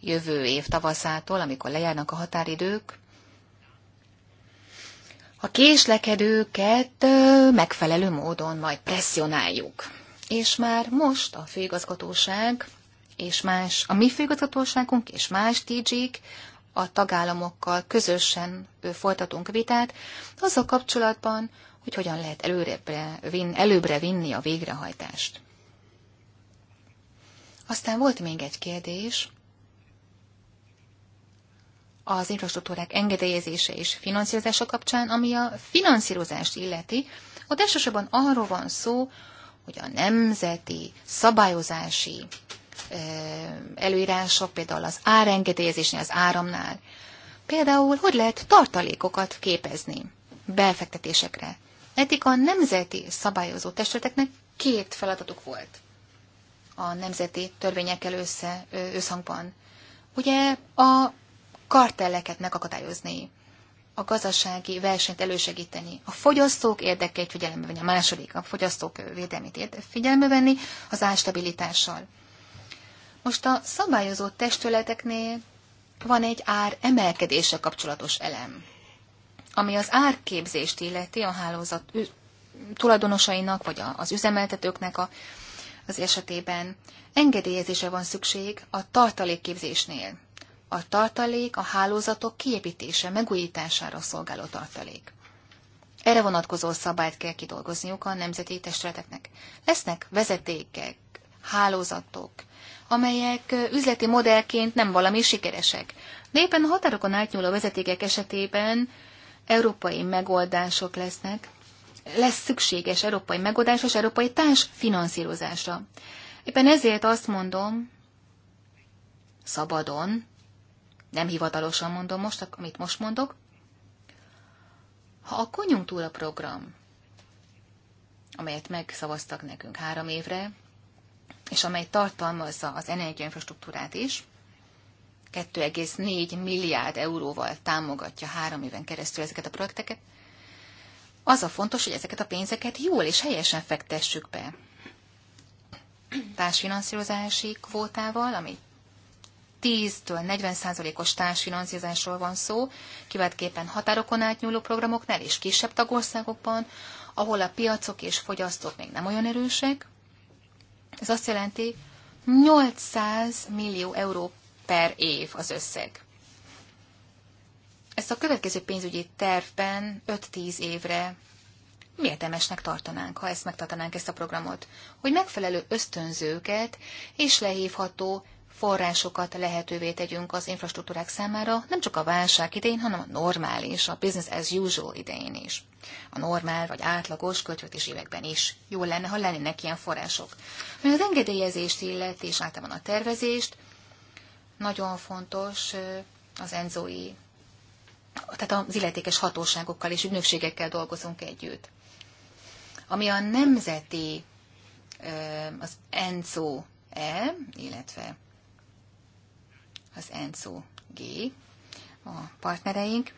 jövő év tavaszától, amikor lejárnak a határidők, a késlekedőket megfelelő módon majd presszionáljuk. És már most a főigazgatóság és más, a mi főigazgatóságunk és más tg a tagállamokkal közösen folytatunk vitát, azzal kapcsolatban, hogy hogyan lehet előbbre, vin, előbbre vinni a végrehajtást. Aztán volt még egy kérdés az infrastruktúrák engedélyezése és finanszírozása kapcsán, ami a finanszírozást illeti, ott elsősorban arról van szó, hogy a nemzeti szabályozási előírások, például az árengedélyezésnél, az áramnál, például hogy lehet tartalékokat képezni befektetésekre. Eddig a nemzeti szabályozó testületeknek két feladatuk volt a nemzeti törvényekkel össze, összhangban. Ugye a kartelleket megakadályozni, a gazdasági versenyt elősegíteni, a fogyasztók érdekeit figyelembe venni, a második, a fogyasztók védelmét figyelembe venni az ástabilitással. Most a szabályozó testületeknél van egy ár emelkedése kapcsolatos elem, ami az árképzést illeti a hálózat tulajdonosainak, vagy az üzemeltetőknek a, az esetében engedélyezése van szükség a tartalékképzésnél a tartalék a hálózatok kiépítése, megújítására szolgáló tartalék. Erre vonatkozó szabályt kell kidolgozniuk a nemzeti testületeknek. Lesznek vezetékek, hálózatok, amelyek üzleti modellként nem valami sikeresek. De éppen a határokon átnyúló vezetékek esetében európai megoldások lesznek, lesz szükséges európai megoldás és európai társ finanszírozásra. Éppen ezért azt mondom, szabadon, nem hivatalosan mondom most, amit most mondok, ha a konjunktúra program, amelyet megszavaztak nekünk három évre, és amely tartalmazza az energiainfrastruktúrát is, 2,4 milliárd euróval támogatja három éven keresztül ezeket a projekteket, az a fontos, hogy ezeket a pénzeket jól és helyesen fektessük be. Társfinanszírozási kvótával, amit 10-től 40%-os társfinanszírozásról van szó, kivetképpen határokon átnyúló programoknál és kisebb tagországokban, ahol a piacok és fogyasztók még nem olyan erősek. Ez azt jelenti, 800 millió euró per év az összeg. Ezt a következő pénzügyi tervben 5-10 évre mi emesnek tartanánk, ha ezt megtartanánk ezt a programot, hogy megfelelő ösztönzőket és lehívható forrásokat lehetővé tegyünk az infrastruktúrák számára, nem csak a válság idején, hanem a normális, a business as usual idején is. A normál vagy átlagos költségvetés években is. Jó lenne, ha lennének ilyen források. Mert az engedélyezést illet, és általában a tervezést, nagyon fontos az enzói, tehát az illetékes hatóságokkal és ügynökségekkel dolgozunk együtt. Ami a nemzeti, az ENCO-e, illetve az ENCO G, a partnereink.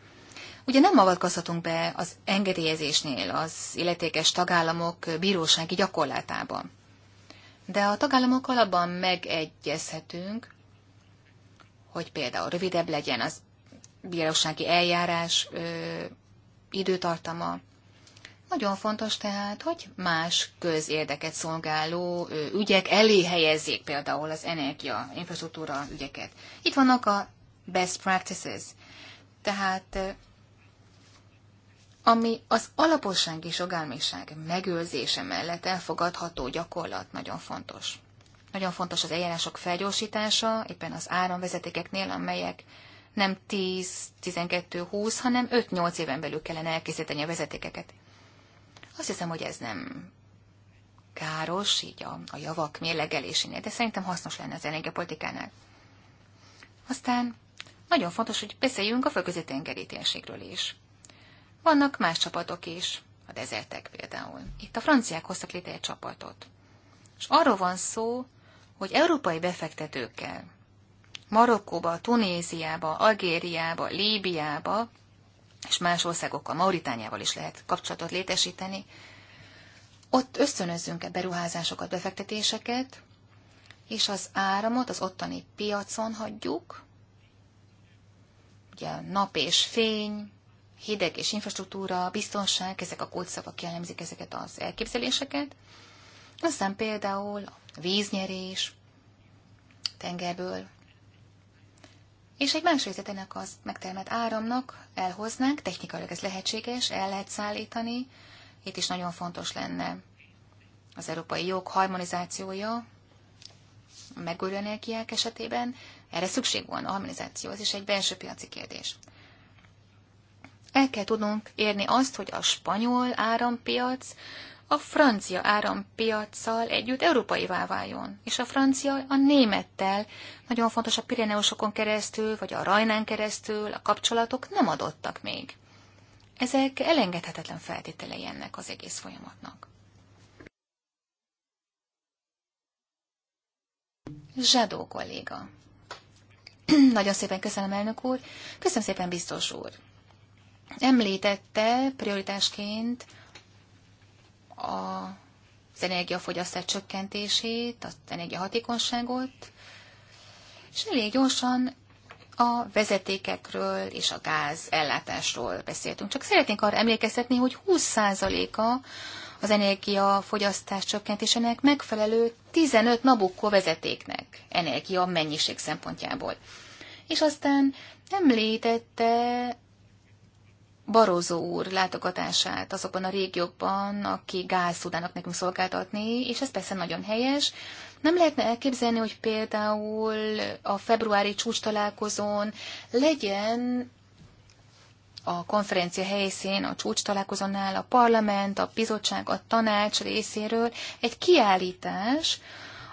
Ugye nem avatkozhatunk be az engedélyezésnél az illetékes tagállamok bírósági gyakorlatában. De a tagállamok alapban megegyezhetünk, hogy például rövidebb legyen az bírósági eljárás ö, időtartama, nagyon fontos tehát, hogy más közérdeket szolgáló ügyek elé helyezzék például az energia, infrastruktúra ügyeket. Itt vannak a best practices. Tehát ami az alaposság és jogállamiság megőrzése mellett elfogadható gyakorlat nagyon fontos. Nagyon fontos az eljárások felgyorsítása, éppen az áramvezetékeknél, amelyek nem 10, 12, 20, hanem 5-8 éven belül kellene elkészíteni a vezetékeket. Azt hiszem, hogy ez nem káros, így a, a javak mérlegelésénél, de szerintem hasznos lenne az energiapolitikánál. Aztán nagyon fontos, hogy beszéljünk a földközi-tengeri térségről is. Vannak más csapatok is, a dezertek például. Itt a franciák hoztak létre egy csapatot. És arról van szó, hogy európai befektetőkkel Marokkóba, Tunéziába, Algériába, Líbiába és más országokkal, Mauritániával is lehet kapcsolatot létesíteni. Ott ösztönözzünk -e beruházásokat, befektetéseket, és az áramot az ottani piacon hagyjuk, ugye nap és fény, hideg és infrastruktúra, biztonság, ezek a kódszavak jellemzik ezeket az elképzeléseket. Aztán például a víznyerés, tengerből és egy más részét ennek az megtermelt áramnak elhoznánk, technikailag ez lehetséges, el lehet szállítani, itt is nagyon fontos lenne az európai jog harmonizációja, a megújuló energiák esetében, erre szükség volna a harmonizáció, ez is egy belső piaci kérdés. El kell tudnunk érni azt, hogy a spanyol árampiac a francia árampiacsal együtt európaivá váljon, és a francia a némettel, nagyon fontos a Pireneusokon keresztül, vagy a Rajnán keresztül, a kapcsolatok nem adottak még. Ezek elengedhetetlen feltételei ennek az egész folyamatnak. Zsadó kolléga. Nagyon szépen köszönöm, elnök úr. Köszönöm szépen, biztos úr. Említette prioritásként az energiafogyasztás csökkentését, az energiahatékonyságot, és elég gyorsan a vezetékekről és a gáz ellátásról beszéltünk. Csak szeretnénk arra emlékeztetni, hogy 20%-a az energiafogyasztás csökkentésének megfelelő 15 Nabucco vezetéknek energia mennyiség szempontjából. És aztán említette Barózó úr látogatását azokban a régiókban, aki gázszudának nekünk szolgáltatni, és ez persze nagyon helyes. Nem lehetne elképzelni, hogy például a februári csúcs találkozón legyen a konferencia helyszín, a csúcs találkozónál a parlament, a bizottság, a tanács részéről egy kiállítás,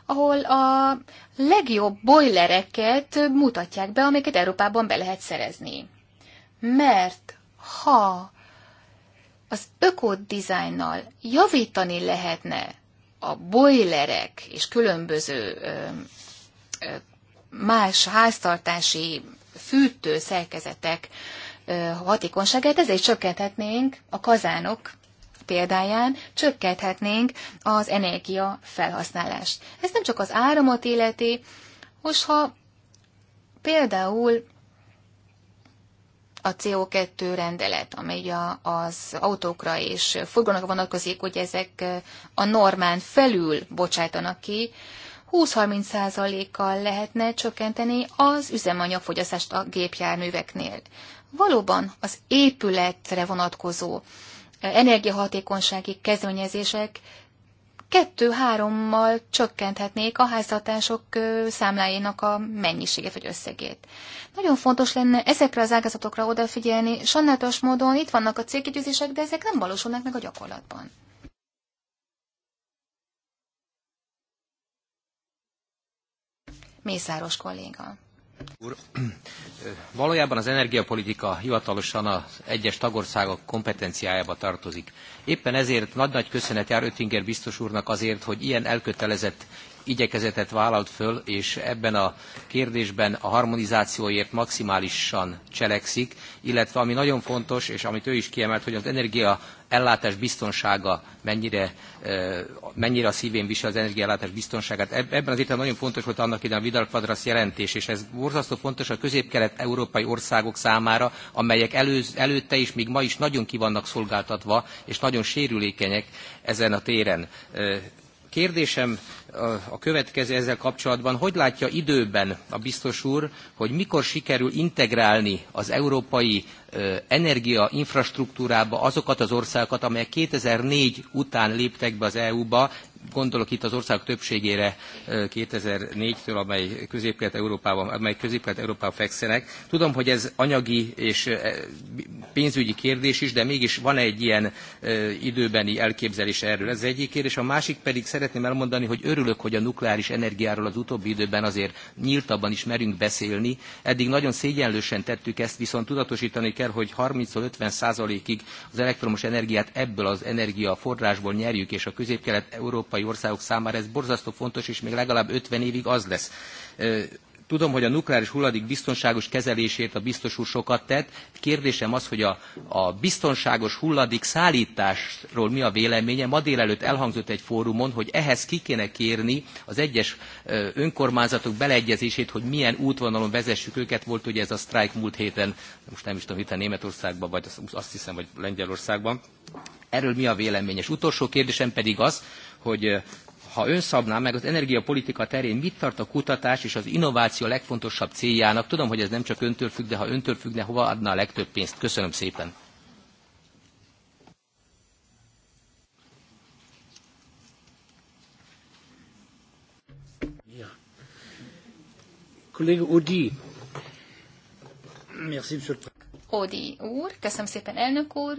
ahol a legjobb bojlereket mutatják be, amiket Európában be lehet szerezni. Mert ha az ökodizájnnal javítani lehetne a bojlerek és különböző ö, ö, más háztartási fűtő szerkezetek ö, hatékonyságát, ezért csökkenthetnénk a kazánok példáján csökkenthetnénk az energia felhasználást. Ez nem csak az áramot illeti, most ha például a CO2 rendelet, amely a, az autókra és furgonokra vonatkozik, hogy ezek a normán felül bocsájtanak ki, 20-30%-kal lehetne csökkenteni az üzemanyagfogyasztást a gépjárműveknél. Valóban az épületre vonatkozó energiahatékonysági kezdeményezések kettő-hárommal csökkenthetnék a háztartások számláinak a mennyiségét vagy összegét. Nagyon fontos lenne ezekre az ágazatokra odafigyelni, sajnálatos módon itt vannak a célkitűzések, de ezek nem valósulnak meg a gyakorlatban. Mészáros kolléga. Úr, valójában az energiapolitika hivatalosan az egyes tagországok kompetenciájába tartozik. Éppen ezért nagy-nagy köszönet jár Öttinger biztos úrnak azért, hogy ilyen elkötelezett igyekezetet vállalt föl, és ebben a kérdésben a harmonizációért maximálisan cselekszik, illetve ami nagyon fontos, és amit ő is kiemelt, hogy az energia ellátás biztonsága mennyire, mennyire a szívén visel az energiállátás biztonságát. Ebben az értelemben nagyon fontos volt annak idején a Vidal Quadras jelentés, és ez borzasztó fontos a közép-kelet-európai országok számára, amelyek előz, előtte is, még ma is nagyon kivannak szolgáltatva, és nagyon sérülékenyek ezen a téren. Kérdésem a következő ezzel kapcsolatban. Hogy látja időben a biztos úr, hogy mikor sikerül integrálni az európai energiainfrastruktúrába azokat az országokat, amelyek 2004 után léptek be az EU-ba, gondolok itt az országok többségére 2004-től, amely közép-kelet-európában amely közép európában fekszenek. Tudom, hogy ez anyagi és pénzügyi kérdés is, de mégis van -e egy ilyen időbeni elképzelés erről. Ez egyik kérdés. A másik pedig szeretném elmondani, hogy örülök, örülök, hogy a nukleáris energiáról az utóbbi időben azért nyíltabban is merünk beszélni. Eddig nagyon szégyenlősen tettük ezt, viszont tudatosítani kell, hogy 30-50 százalékig az elektromos energiát ebből az energiaforrásból nyerjük, és a közép-kelet-európai országok számára ez borzasztó fontos, és még legalább 50 évig az lesz Tudom, hogy a nukleáris hulladék biztonságos kezelését a biztos úr sokat tett. Kérdésem az, hogy a, a biztonságos hulladék szállításról mi a véleménye. Ma délelőtt elhangzott egy fórumon, hogy ehhez ki kéne kérni az egyes önkormányzatok beleegyezését, hogy milyen útvonalon vezessük őket. Volt ugye ez a sztrájk múlt héten, most nem is tudom, héten Németországban, vagy azt hiszem, vagy Lengyelországban. Erről mi a vélemény? És utolsó kérdésem pedig az, hogy ha ön szabná meg az energiapolitika terén, mit tart a kutatás és az innováció legfontosabb céljának? Tudom, hogy ez nem csak öntől függ, de ha öntől függne, hova adna a legtöbb pénzt? Köszönöm szépen. Kolléga Odi. Merci, monsieur le Ódi úr, köszönöm szépen elnök úr,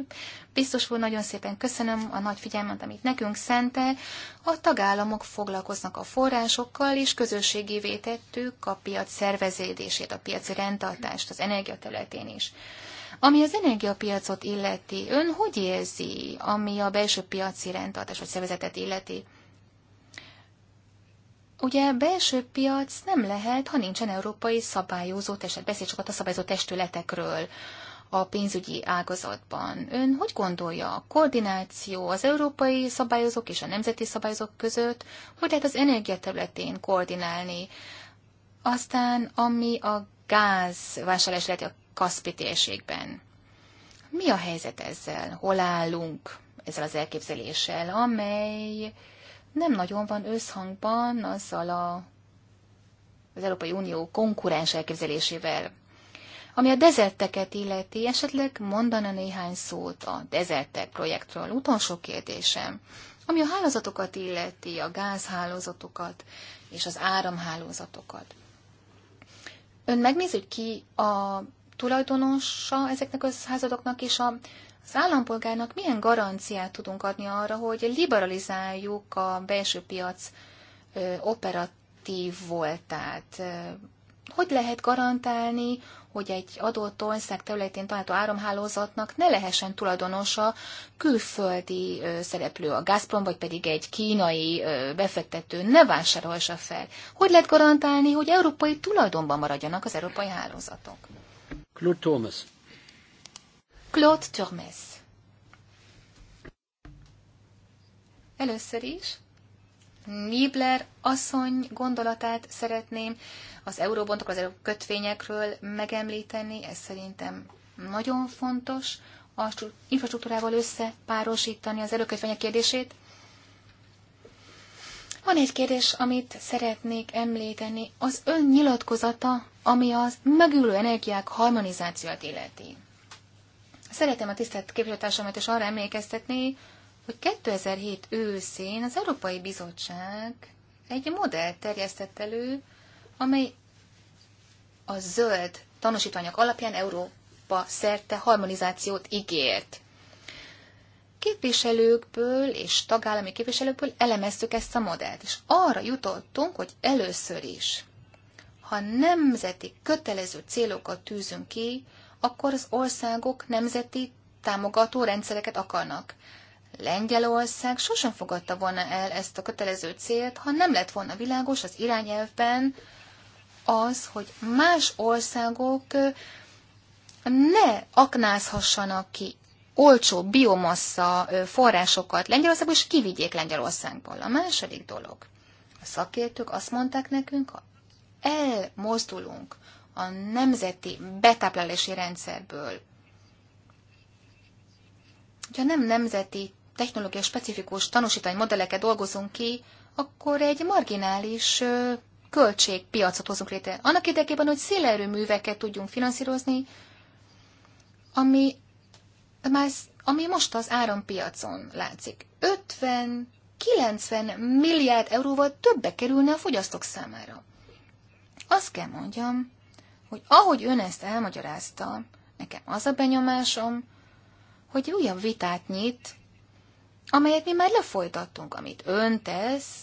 biztos úr, nagyon szépen köszönöm a nagy figyelmet, amit nekünk szentel. A tagállamok foglalkoznak a forrásokkal, és közösségévé tettük a piac szerveződését, a piaci rendtartást az energia is. Ami az energiapiacot illeti, ön hogy érzi, ami a belső piaci rendtartás vagy szervezetet illeti? Ugye belső piac nem lehet, ha nincsen európai szabályozó testület. Beszélj csak a szabályozó testületekről a pénzügyi ágazatban. Ön hogy gondolja a koordináció az európai szabályozók és a nemzeti szabályozók között, hogy lehet az energiaterületén koordinálni? Aztán, ami a gáz vásárlás lehet a Kaszpi térségben. Mi a helyzet ezzel? Hol állunk ezzel az elképzeléssel, amely nem nagyon van összhangban azzal a, az Európai Unió konkurens elképzelésével, ami a dezerteket illeti, esetleg mondana néhány szót a dezertek projektről. Utolsó kérdésem. Ami a hálózatokat illeti, a gázhálózatokat és az áramhálózatokat. Ön megnézi, hogy ki a tulajdonosa ezeknek a házadoknak, és a, az állampolgárnak milyen garanciát tudunk adni arra, hogy liberalizáljuk a belső piac ö, operatív voltát. Hogy lehet garantálni, hogy egy adott ország területén található áramhálózatnak ne lehessen tulajdonosa külföldi szereplő, a Gazprom, vagy pedig egy kínai befektető ne vásárolsa fel. Hogy lehet garantálni, hogy európai tulajdonban maradjanak az európai hálózatok? Claude Thomas. Claude Thomas. Először is Nibler asszony gondolatát szeretném az euróbontok az euró kötvényekről megemlíteni, ez szerintem nagyon fontos, a infrastruktúrával összepárosítani az előkötvények kérdését. Van egy kérdés, amit szeretnék említeni, az ön nyilatkozata, ami az megülő energiák harmonizációt illeti. Szeretem a tisztelt képviselőtársamat is arra emlékeztetni, hogy 2007 őszén az Európai Bizottság egy modellt terjesztett elő, amely a zöld tanúsítványok alapján Európa szerte harmonizációt ígért. Képviselőkből és tagállami képviselőkből elemeztük ezt a modellt, és arra jutottunk, hogy először is, ha nemzeti kötelező célokat tűzünk ki, akkor az országok nemzeti támogató rendszereket akarnak. Lengyelország sosem fogadta volna el ezt a kötelező célt, ha nem lett volna világos az irányelvben az, hogy más országok ne aknázhassanak ki olcsó biomassa forrásokat Lengyelországból, és kivigyék Lengyelországból. A második dolog. A szakértők azt mondták nekünk, ha elmozdulunk a nemzeti betáplálási rendszerből, hogyha nem nemzeti technológia specifikus tanúsítani modelleket dolgozunk ki, akkor egy marginális költségpiacot hozunk létre. Annak érdekében, hogy szélerőműveket tudjunk finanszírozni, ami, már, ami most az árampiacon látszik. 50-90 milliárd euróval többe kerülne a fogyasztók számára. Azt kell mondjam, hogy ahogy ön ezt elmagyarázta, nekem az a benyomásom, hogy újabb vitát nyit amelyet mi már lefolytattunk, amit ön tesz,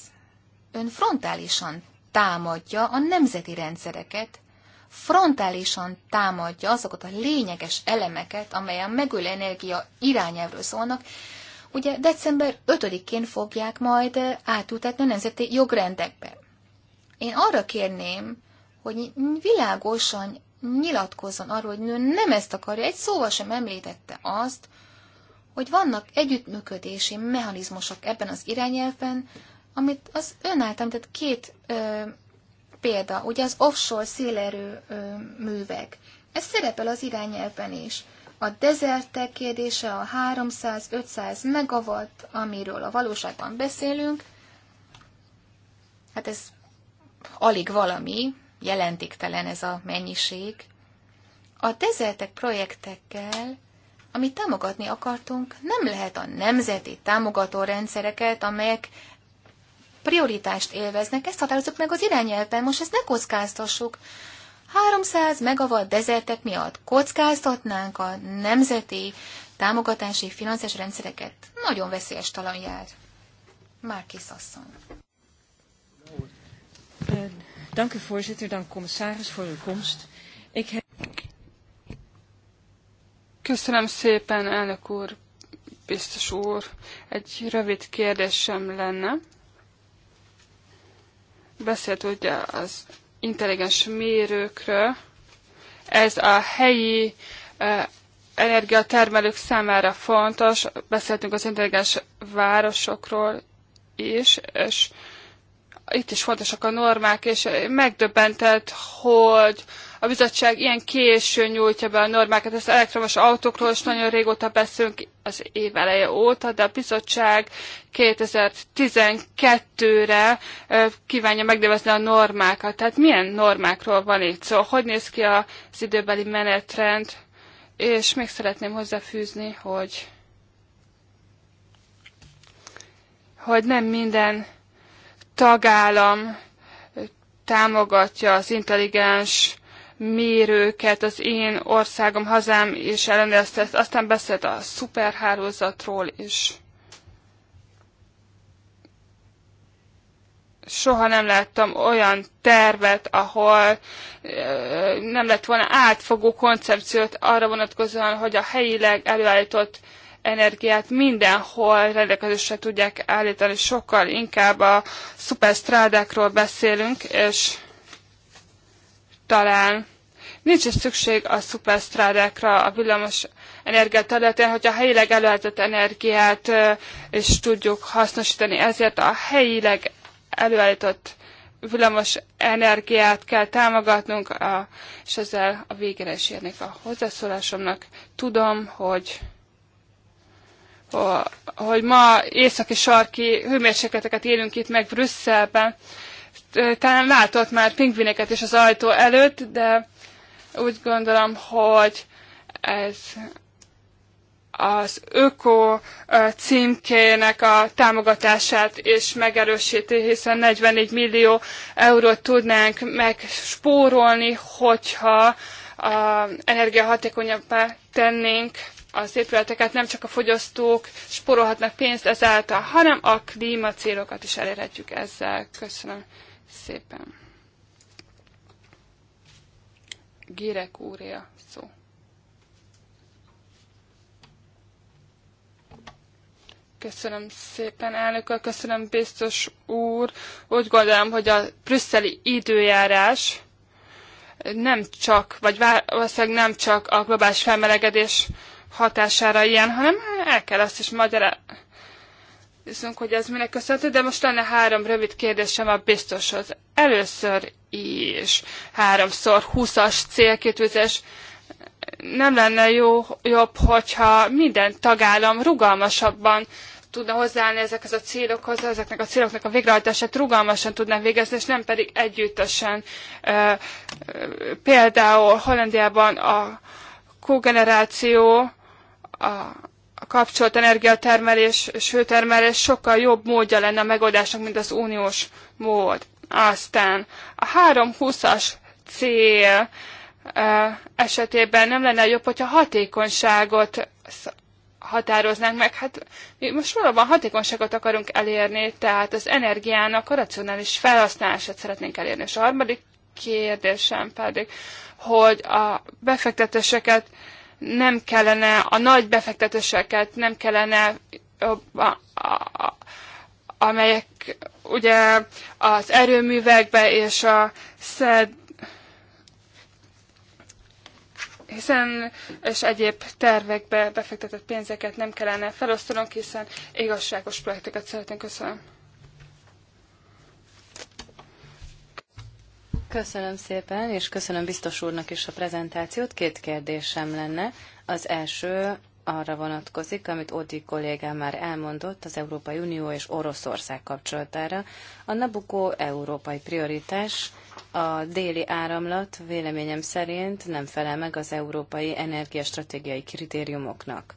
ön frontálisan támadja a nemzeti rendszereket, frontálisan támadja azokat a lényeges elemeket, amely a megölő energia irányelvről szólnak, ugye december 5-én fogják majd átutatni a nemzeti jogrendekbe. Én arra kérném, hogy világosan nyilatkozzon arról, hogy nő nem ezt akarja, egy szóval sem említette azt, hogy vannak együttműködési mechanizmusok ebben az irányelvben, amit az ön által, tehát két ö, példa, ugye az offshore szélerő ö, művek, ez szerepel az irányelvben is. A dezertek kérdése a 300-500 megawatt, amiről a valóságban beszélünk, hát ez alig valami, jelentéktelen ez a mennyiség. A dezertek projektekkel amit támogatni akartunk, nem lehet a nemzeti támogató rendszereket, amelyek prioritást élveznek, ezt határozzuk meg az irányelvben, most ezt ne kockáztassuk. 300 megawatt dezertek miatt kockáztatnánk a nemzeti támogatási finanszes rendszereket. Nagyon veszélyes talán jár. Márkis asszony. Eh, dank u voorzitter, dank commissaris voor uw komst. Ik heb... Köszönöm szépen, elnök úr, biztos úr. Egy rövid kérdésem lenne. Beszélt ugye az intelligens mérőkről. Ez a helyi energiatermelők számára fontos. Beszéltünk az intelligens városokról is, és itt is fontosak a normák, és megdöbbentett, hogy a bizottság ilyen későn nyújtja be a normákat. Ez elektromos autókról is nagyon régóta beszélünk az év eleje óta, de a bizottság 2012-re kívánja megnevezni a normákat. Tehát milyen normákról van itt szó? Szóval, hogy néz ki az időbeli menetrend? És még szeretném hozzáfűzni, hogy hogy nem minden tagállam támogatja az intelligens mérőket, az én országom, hazám és ellenőrzte ezt. Aztán beszélt a szuperhálózatról is. Soha nem láttam olyan tervet, ahol ö, eh, nem lett volna átfogó koncepciót arra vonatkozóan, hogy a helyileg előállított energiát mindenhol rendelkezésre tudják állítani, sokkal inkább a szuperstrádákról beszélünk, és talán nincs is szükség a szuperstrádákra a villamos energia területén, a helyileg előállított energiát is tudjuk hasznosítani, ezért a helyileg előállított villamos energiát kell támogatnunk, és ezzel a végére is érnék a hozzászólásomnak. Tudom, hogy hogy ma északi sarki hőmérsékleteket élünk itt meg Brüsszelben. Talán látott már pingvineket is az ajtó előtt, de úgy gondolom, hogy ez az öko címkének a támogatását is megerősíti, hiszen 44 millió eurót tudnánk megspórolni, hogyha energiahatékonyabbá tennénk az épületeket, nem csak a fogyasztók spórolhatnak pénzt ezáltal, hanem a klímacélokat is elérhetjük ezzel. Köszönöm szépen. Gérek úrja szó. Köszönöm szépen, elnök köszönöm biztos úr. Úgy gondolom, hogy a brüsszeli időjárás nem csak, vagy valószínűleg nem csak a globális felmelegedés hatására ilyen, hanem el kell azt is magyaráznunk, hogy ez minek köszönhető, de most lenne három rövid kérdésem a biztoshoz. Először is háromszor húszas as célkitűzés nem lenne jó, jobb, hogyha minden tagállam rugalmasabban tudna hozzáállni ezekhez a célokhoz, ezeknek a céloknak a végrehajtását rugalmasan tudná végezni, és nem pedig együttesen. például Hollandiában a kogeneráció a kapcsolt energiatermelés és hőtermelés sokkal jobb módja lenne a megoldásnak, mint az uniós mód. Aztán a 320-as cél esetében nem lenne jobb, hogyha hatékonyságot határoznánk meg. Hát mi most valóban hatékonyságot akarunk elérni, tehát az energiának a racionális felhasználását szeretnénk elérni. És a harmadik kérdésem pedig, hogy a befektetéseket nem kellene a nagy befektetéseket, nem kellene a, a, a, amelyek ugye az erőművekbe és a szed hiszen és egyéb tervekbe befektetett pénzeket nem kellene felosztanunk, hiszen igazságos projekteket szeretnénk. Köszönöm. Köszönöm szépen, és köszönöm biztos úrnak is a prezentációt. Két kérdésem lenne. Az első arra vonatkozik, amit Odi kollégám már elmondott az Európai Unió és Oroszország kapcsolatára. A Nabucco európai prioritás, a déli áramlat véleményem szerint nem felel meg az európai energiastratégiai kritériumoknak.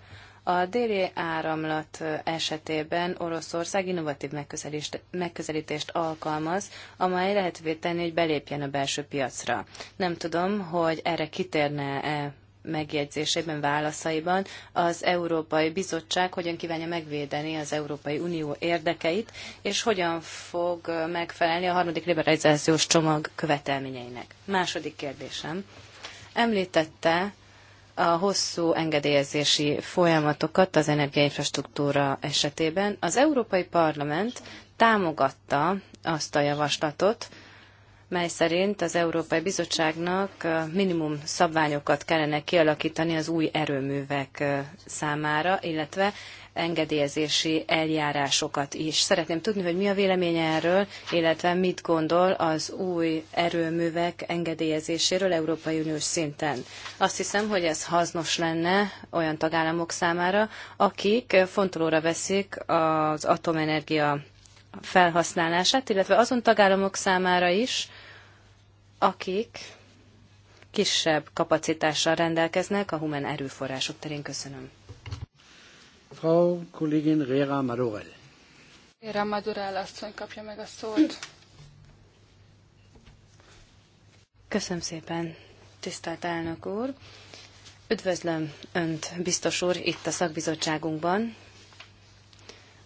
A déli áramlat esetében Oroszország innovatív megközelítést alkalmaz, amely lehetővé tenni, hogy belépjen a belső piacra. Nem tudom, hogy erre kitérne-e megjegyzésében, válaszaiban az Európai Bizottság hogyan kívánja megvédeni az Európai Unió érdekeit, és hogyan fog megfelelni a harmadik liberalizációs csomag követelményeinek. Második kérdésem. Említette, a hosszú engedélyezési folyamatokat az energiainfrastruktúra esetében. Az Európai Parlament támogatta azt a javaslatot, mely szerint az Európai Bizottságnak minimum szabványokat kellene kialakítani az új erőművek számára, illetve engedélyezési eljárásokat is. Szeretném tudni, hogy mi a véleménye erről, illetve mit gondol az új erőművek engedélyezéséről Európai Uniós szinten. Azt hiszem, hogy ez hasznos lenne olyan tagállamok számára, akik fontolóra veszik az atomenergia felhasználását, illetve azon tagállamok számára is, akik kisebb kapacitással rendelkeznek a humán erőforrások terén. Köszönöm. Frau Kollegin Rera Madurell. Rera Madurell asszony kapja meg a szót. Köszönöm szépen, tisztelt elnök úr. Üdvözlöm Önt, biztos úr, itt a szakbizottságunkban,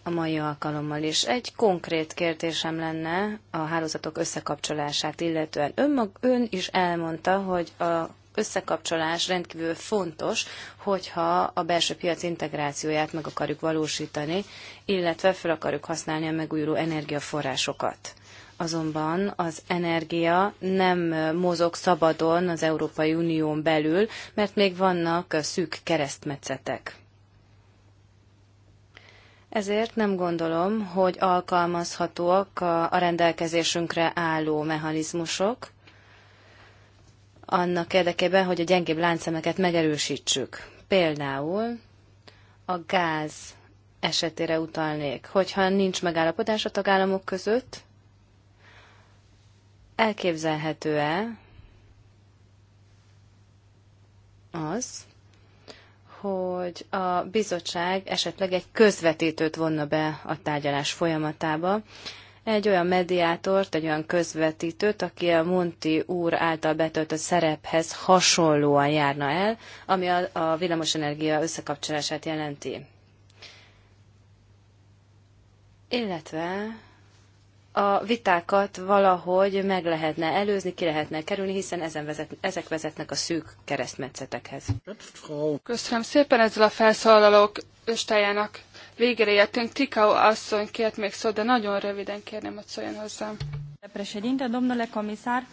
a mai alkalommal is. Egy konkrét kérdésem lenne a hálózatok összekapcsolását, illetően ön, mag, ön is elmondta, hogy a összekapcsolás rendkívül fontos, hogyha a belső piac integrációját meg akarjuk valósítani, illetve fel akarjuk használni a megújuló energiaforrásokat. Azonban az energia nem mozog szabadon az Európai Unión belül, mert még vannak szűk keresztmetszetek. Ezért nem gondolom, hogy alkalmazhatóak a rendelkezésünkre álló mechanizmusok, annak érdekében, hogy a gyengébb láncemeket megerősítsük. Például a gáz esetére utalnék, hogyha nincs megállapodás a tagállamok között, elképzelhető-e az, hogy a bizottság esetleg egy közvetítőt vonna be a tárgyalás folyamatába, egy olyan mediátort, egy olyan közvetítőt, aki a Monti úr által betöltött szerephez hasonlóan járna el, ami a, a villamosenergia összekapcsolását jelenti. Illetve a vitákat valahogy meg lehetne előzni, ki lehetne kerülni, hiszen ezen vezet, ezek vezetnek a szűk keresztmetszetekhez. Köszönöm szépen ezzel a felszólalók listájának végére értünk. Tikau asszony kért még szó, de nagyon röviden kérném, hogy szóljon hozzám. Președinte, domnule comisar.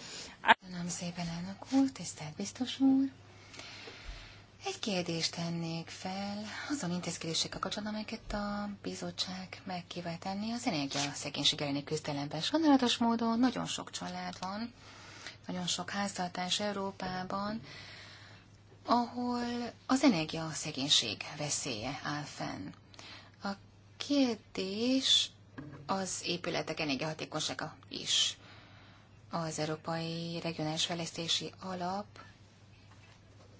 Köszönöm szépen, elnök úr, tisztelt biztos úr. Egy kérdést tennék fel azon intézkedésekkel kapcsolatban, amelyeket a bizottság megkívánt tenni az energia szegénység elleni küzdelemben. Sajnálatos módon nagyon sok család van, nagyon sok háztartás Európában, ahol az energia szegénység veszélye áll fenn kérdés az épületek energiahatékonysága is. Az Európai Regionális Fejlesztési Alap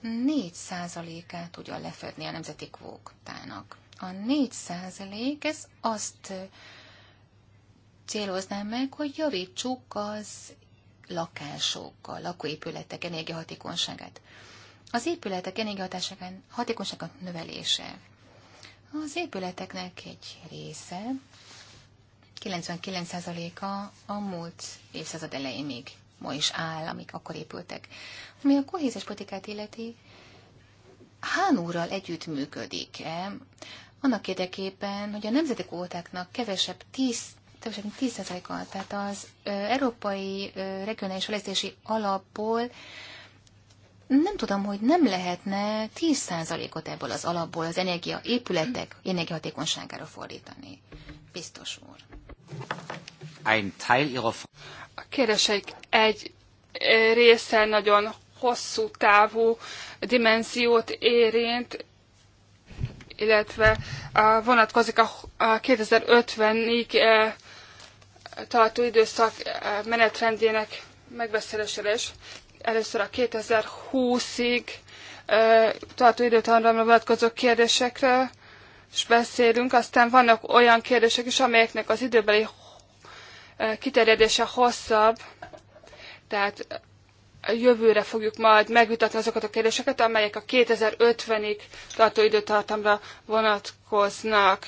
4%-át tudja lefedni a nemzeti kvótának. A 4% ez azt céloznám meg, hogy javítsuk az lakások, a lakóépületek energiahatékonyságát. Az épületek energiahatékonyságát növelése az épületeknek egy része, 99%-a a múlt évszázad elején még ma is áll, amik akkor épültek. Ami a kohézes politikát illeti, Hánúrral együtt együttműködik-e annak érdekében, hogy a nemzeti kvótáknak kevesebb 10 kevesebb mint 10%-a, tehát az ö, európai ö, regionális fejlesztési alapból nem tudom, hogy nem lehetne 10%-ot ebből az alapból az energia épületek energiahatékonyságára fordítani. Biztos úr. A kérdéseik egy eh, része nagyon hosszú távú dimenziót érint, illetve vonatkozik a 2050-ig eh, tartó időszak eh, menetrendjének megbeszélésére is először a 2020-ig tartó időtartamra vonatkozó kérdésekre is beszélünk, aztán vannak olyan kérdések is, amelyeknek az időbeli kiterjedése hosszabb, tehát jövőre fogjuk majd megvitatni azokat a kérdéseket, amelyek a 2050-ig tartó időtartamra vonatkoznak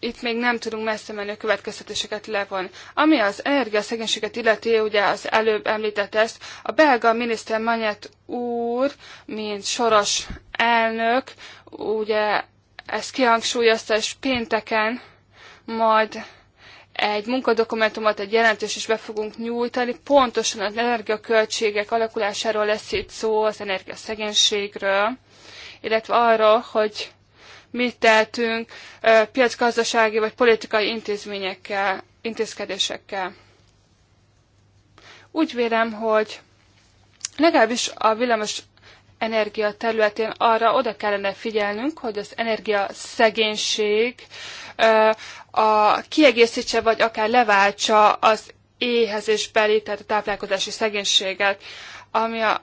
itt még nem tudunk messze menő következtetéseket levon. Ami az energiaszegénységet illeti, ugye az előbb említett ezt, a belga miniszter Manyet úr, mint soros elnök, ugye ezt kihangsúlyozta, és pénteken majd egy munkadokumentumot, egy jelentős is be fogunk nyújtani. Pontosan az energiaköltségek alakulásáról lesz itt szó, az energiaszegénységről, illetve arról, hogy mit tehetünk piacgazdasági vagy politikai intézményekkel, intézkedésekkel. Úgy vélem, hogy legalábbis a villamos energia területén arra oda kellene figyelnünk, hogy az energia szegénység a kiegészítse, vagy akár leváltsa az éhezésbeli, tehát a táplálkozási szegénységet, ami a,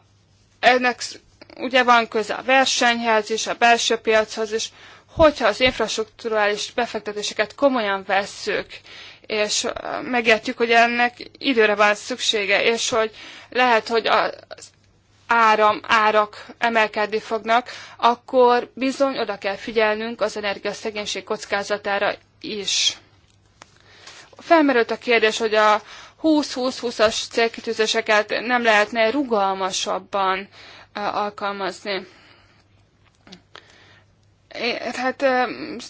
ennek ugye van köze a versenyhez is, a belső piachoz is, hogyha az infrastruktúrális befektetéseket komolyan vesszük, és megértjük, hogy ennek időre van szüksége, és hogy lehet, hogy az áram, árak emelkedni fognak, akkor bizony oda kell figyelnünk az energiaszegénység kockázatára is. Felmerült a kérdés, hogy a 20-20-20-as célkitűzéseket nem lehetne rugalmasabban alkalmazni. Én, hát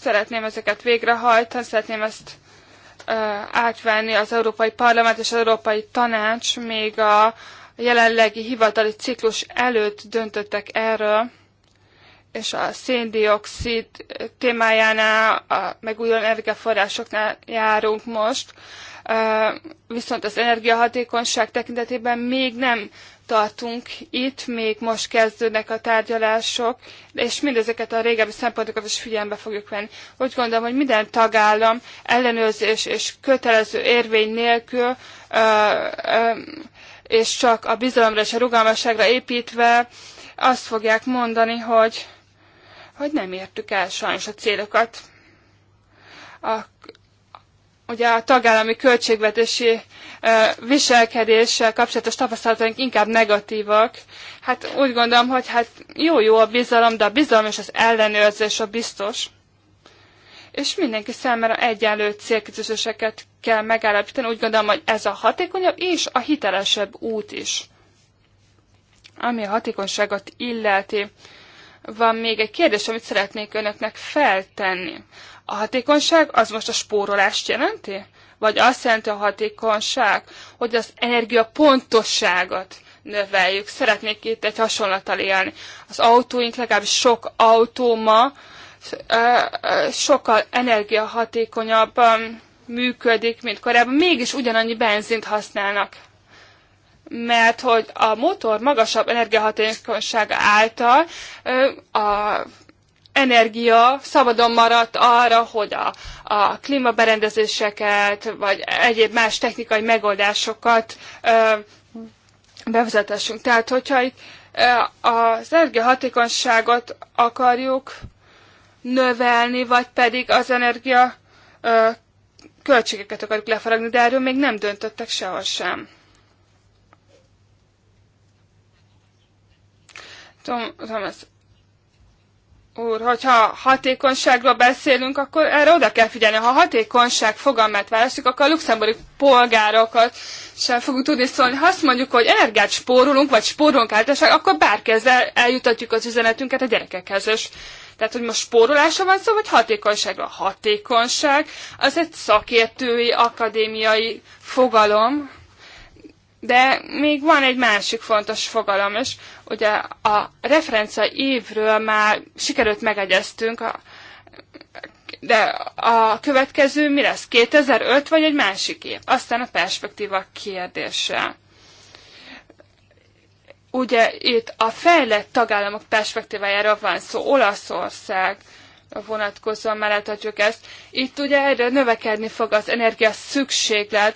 szeretném ezeket végrehajtani, szeretném ezt átvenni az Európai Parlament és az Európai Tanács még a jelenlegi hivatali ciklus előtt döntöttek erről, és a széndiokszid témájánál, a megújuló energiaforrásoknál járunk most viszont az energiahatékonyság tekintetében még nem tartunk itt, még most kezdődnek a tárgyalások, és mindezeket a régebbi szempontokat is figyelembe fogjuk venni. Úgy gondolom, hogy minden tagállam ellenőrzés és kötelező érvény nélkül ö, ö, és csak a bizalomra és a rugalmasságra építve azt fogják mondani, hogy, hogy nem értük el sajnos a célokat. A ugye a tagállami költségvetési viselkedéssel kapcsolatos tapasztalataink inkább negatívak. Hát úgy gondolom, hogy hát jó-jó a bizalom, de a bizalom és az ellenőrzés a biztos. És mindenki számára egyenlő célkitűzéseket kell megállapítani. Úgy gondolom, hogy ez a hatékonyabb és a hitelesebb út is. Ami a hatékonyságot illeti, van még egy kérdés, amit szeretnék önöknek feltenni. A hatékonyság az most a spórolást jelenti? Vagy azt jelenti a hatékonyság, hogy az energia pontosságot növeljük. Szeretnék itt egy hasonlattal élni. Az autóink, legalábbis sok autó ma sokkal energiahatékonyabban működik, mint korábban, mégis ugyanannyi benzint használnak. Mert hogy a motor magasabb energiahatékonysága által a energia szabadon maradt arra, hogy a, a klímaberendezéseket, vagy egyéb más technikai megoldásokat ö, bevezetessünk. Tehát, hogyha itt az energiahatékonyságot akarjuk növelni, vagy pedig az energia ö, költségeket akarjuk lefaragni, de erről még nem döntöttek sehol sem. ez úr, hogyha hatékonyságról beszélünk, akkor erre oda kell figyelni. Ha hatékonyság fogalmát választjuk, akkor a luxemburgi polgárokat sem fogunk tudni szólni. Ha azt mondjuk, hogy energiát spórolunk, vagy spórolunk általánosság, akkor bárki ezzel eljutatjuk az üzenetünket a gyerekekhez. És tehát, hogy most spórolásra van szó, vagy hatékonyságra? Hatékonyság az egy szakértői, akadémiai fogalom, de még van egy másik fontos fogalom is, ugye a referencia évről már sikerült megegyeztünk, de a következő mi lesz? 2005 vagy egy másik év? Aztán a perspektíva kérdése. Ugye itt a fejlett tagállamok perspektívájáról van szó, Olaszország, vonatkozóan mellett láthatjuk ezt. Itt ugye erre növekedni fog az energia szükséglet,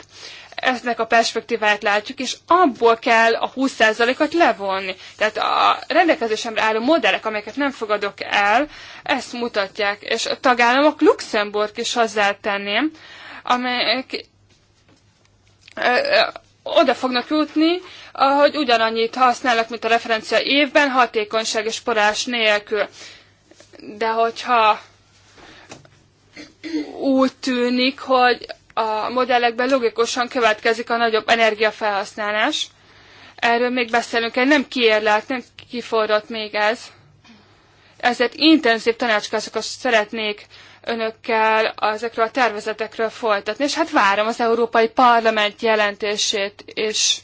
eznek a perspektívát látjuk, és abból kell a 20%-ot levonni. Tehát a rendelkezésemre álló modellek, amelyeket nem fogadok el, ezt mutatják. És a tagállamok Luxemburg is hozzátenném, amelyek oda fognak jutni, hogy ugyanannyit használnak, mint a referencia évben, hatékonyság és porás nélkül. De hogyha úgy tűnik, hogy a modellekben logikusan következik a nagyobb energiafelhasználás. Erről még beszélünk, nem kiérlelt, nem kiforrott még ez. Ezért intenzív tanácskozásokat szeretnék önökkel ezekről a tervezetekről folytatni, és hát várom az Európai Parlament jelentését, és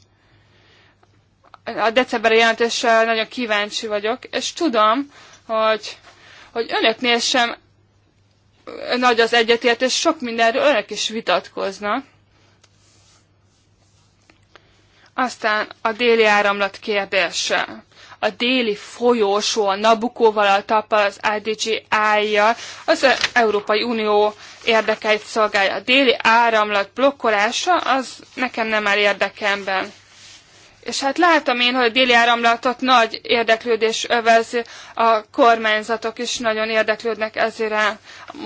a decemberi jelentésre nagyon kíváncsi vagyok, és tudom, hogy, hogy önöknél sem nagy az egyetértés, sok mindenről önök is vitatkoznak. Aztán a déli áramlat kérdése. A déli folyósó a Nabukóval, a TAPA, az IDG állja, az Európai Unió érdekeit szolgálja. A déli áramlat blokkolása az nekem nem áll érdekemben. És hát látom én, hogy a déli áramlatot nagy érdeklődés övezi, a kormányzatok is nagyon érdeklődnek ezért a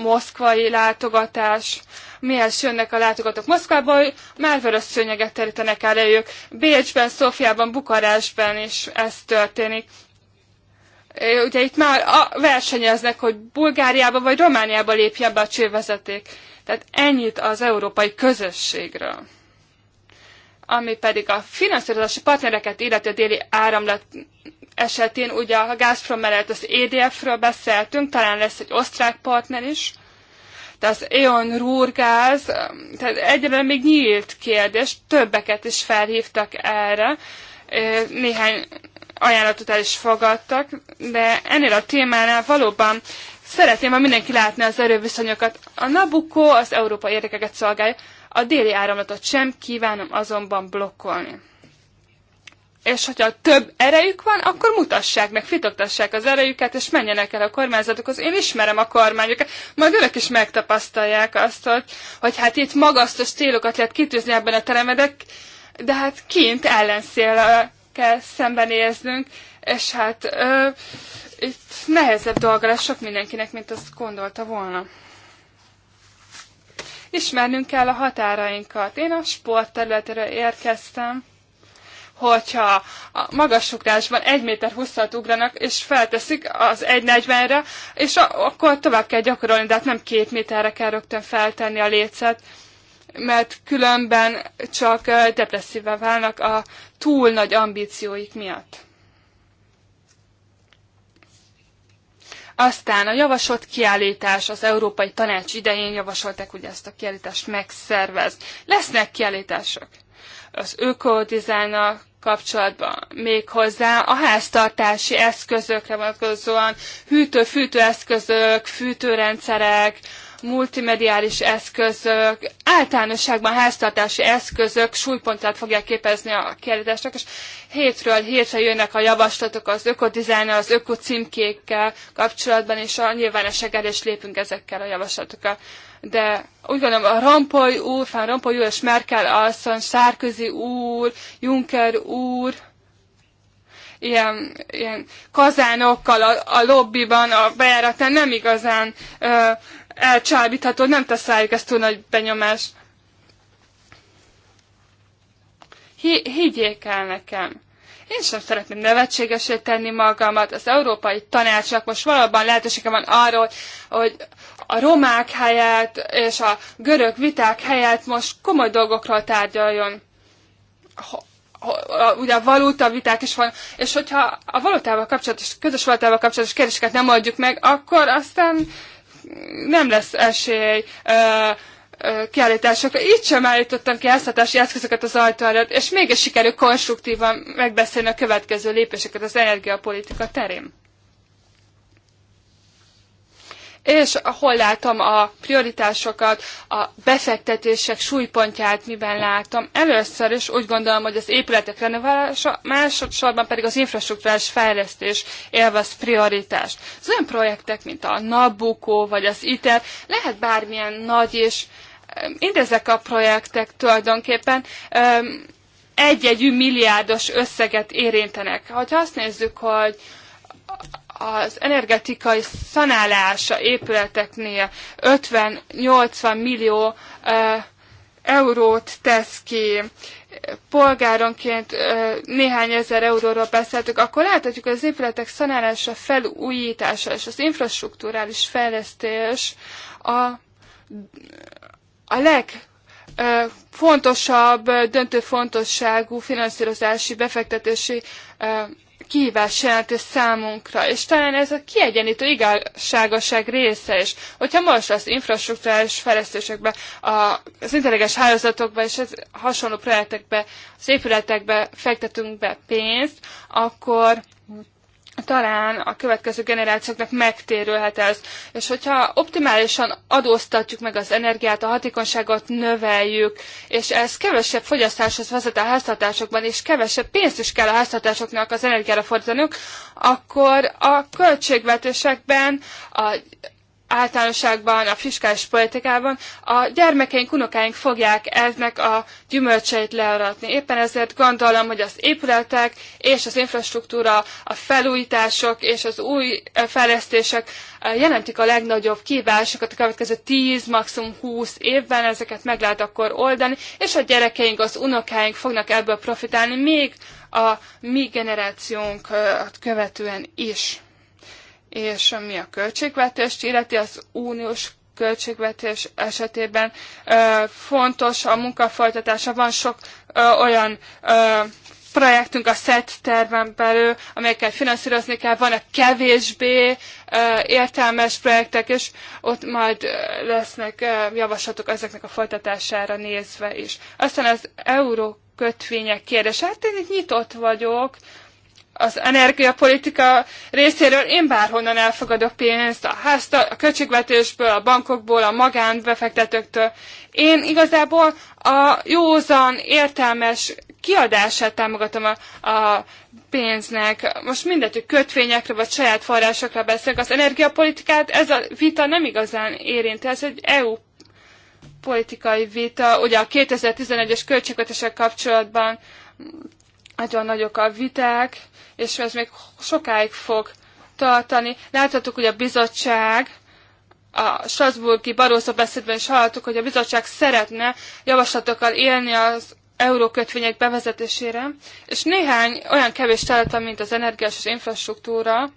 moszkvai látogatás. Mihez jönnek a látogatók Moszkvába, hogy már vörös szőnyeget terítenek el ők. Bécsben, Szófiában, Bukarásban is ez történik. Ugye itt már a versenyeznek, hogy Bulgáriába vagy Romániába lépjen be a csővezeték. Tehát ennyit az európai közösségről ami pedig a finanszírozási partnereket illeti a déli áramlat esetén, ugye a Gazprom mellett az EDF-ről beszéltünk, talán lesz egy osztrák partner is, de az EON rúrgáz, tehát egyre még nyílt kérdés, többeket is felhívtak erre, néhány ajánlatot el is fogadtak, de ennél a témánál valóban szeretném, ha mindenki látná az erőviszonyokat. A Nabucco az európai érdekeket szolgálja, a déli áramlatot sem kívánom azonban blokkolni. És hogyha több erejük van, akkor mutassák meg, fitoktassák az erejüket, és menjenek el a kormányzatokhoz. Én ismerem a kormányokat, majd önök is megtapasztalják azt, hogy, hogy hát itt magasztos célokat lehet kitűzni ebben a teremedek, de hát kint ellenszél kell szembenéznünk, és hát ö, itt nehezebb dolga lesz sok mindenkinek, mint azt gondolta volna ismernünk kell a határainkat. Én a sport területére érkeztem, hogyha a magasugrásban 1 méter 20 ugranak, és felteszik az 1.40-re, és akkor tovább kell gyakorolni, de hát nem két méterre kell rögtön feltenni a lécet, mert különben csak depresszíve válnak a túl nagy ambícióik miatt. Aztán a javasolt kiállítás az Európai Tanács idején javasolták hogy ezt a kiállítást megszervez. Lesznek kiállítások az ökodizájnnal kapcsolatban még hozzá a háztartási eszközökre vonatkozóan, hűtő fűtő eszközök, fűtőrendszerek, multimediális eszközök, általánosságban háztartási eszközök súlypontját fogják képezni a kiállításnak, és hétről hétre jönnek a javaslatok az ökodizájnnal, az ökocímkékkel kapcsolatban, és a nyilvánosság is lépünk ezekkel a javaslatokkal. De úgy gondolom, a Rampoly úr, Fán Rampoly úr és Merkel asszony, Sárközi úr, Juncker úr, ilyen, ilyen kazánokkal a, a lobbiban, a bejáratán nem igazán ö, elcsábítható, nem tesz rájuk ezt túl nagy benyomást. higgyék el nekem. Én sem szeretném nevetségesé tenni magamat. Az Európai Tanácsnak most valóban lehetősége van arról, hogy a romák helyett és a görög viták helyett most komoly dolgokról tárgyaljon. ugye a valóta viták is van, és hogyha a valótával kapcsolatos, közös valótával kapcsolatos kérdéseket nem adjuk meg, akkor aztán nem lesz esély uh, kiállításokra. így sem állítottam ki háztartási eszközöket az ajtó előtt, és mégis sikerül konstruktívan megbeszélni a következő lépéseket az energiapolitika terén és ahol látom a prioritásokat, a befektetések súlypontját, miben látom. Először is úgy gondolom, hogy az épületek renoválása, másodszorban pedig az infrastruktúrás fejlesztés élvez prioritást. Az olyan projektek, mint a Nabucco vagy az ITER, lehet bármilyen nagy és mindezek a projektek tulajdonképpen egy-egy milliárdos összeget érintenek. Ha azt nézzük, hogy az energetikai szanálása épületeknél 50-80 millió eurót tesz ki, polgáronként néhány ezer euróról beszéltük, akkor láthatjuk, hogy az épületek szanálása, felújítása és az infrastruktúrális fejlesztés a, a legfontosabb, döntő fontosságú finanszírozási, befektetési kihívást jelentő számunkra, és talán ez a kiegyenítő igazságosság része is. Hogyha most az infrastruktúrális fejlesztésekbe, az intelligens hálózatokba és az hasonló projektekbe, az épületekbe fektetünk be pénzt, akkor talán a következő generációknak megtérülhet ez. És hogyha optimálisan adóztatjuk meg az energiát, a hatékonyságot növeljük, és ez kevesebb fogyasztáshoz vezet a háztartásokban, és kevesebb pénzt is kell a háztartásoknak az energiára fordítanunk, akkor a költségvetésekben a általánosságban, a fiskális politikában a gyermekeink, unokáink fogják eznek a gyümölcseit learatni. Éppen ezért gondolom, hogy az épületek és az infrastruktúra, a felújítások és az új fejlesztések jelentik a legnagyobb kívásokat a következő 10, maximum 20 évben, ezeket meg lehet akkor oldani, és a gyerekeink, az unokáink fognak ebből profitálni, még a mi generációnkat követően is és ami a költségvetést illeti, az uniós költségvetés esetében ö, fontos a munkafolytatása. Van sok ö, olyan ö, projektünk a SZET terven belül, amelyeket finanszírozni kell, vannak kevésbé ö, értelmes projektek, és ott majd lesznek ö, javaslatok ezeknek a folytatására nézve is. Aztán az euró kötvények kérdés. Hát én itt nyitott vagyok, az energiapolitika részéről én bárhonnan elfogadok pénzt, a házta, a költségvetésből, a bankokból, a magánbefektetőktől. Én igazából a józan, értelmes kiadását támogatom a, a pénznek. Most mindegy, hogy kötvényekre vagy saját forrásokra beszélek. Az energiapolitikát ez a vita nem igazán érinti, ez egy EU politikai vita. Ugye a 2011-es költségvetéssel kapcsolatban nagyon nagyok a viták, és ez még sokáig fog tartani. Láthattuk, hogy a bizottság a Strasburgi Barózó beszédben is hallottuk, hogy a bizottság szeretne javaslatokkal élni az eurókötvények bevezetésére, és néhány olyan kevés terület, mint az energiás és infrastruktúra,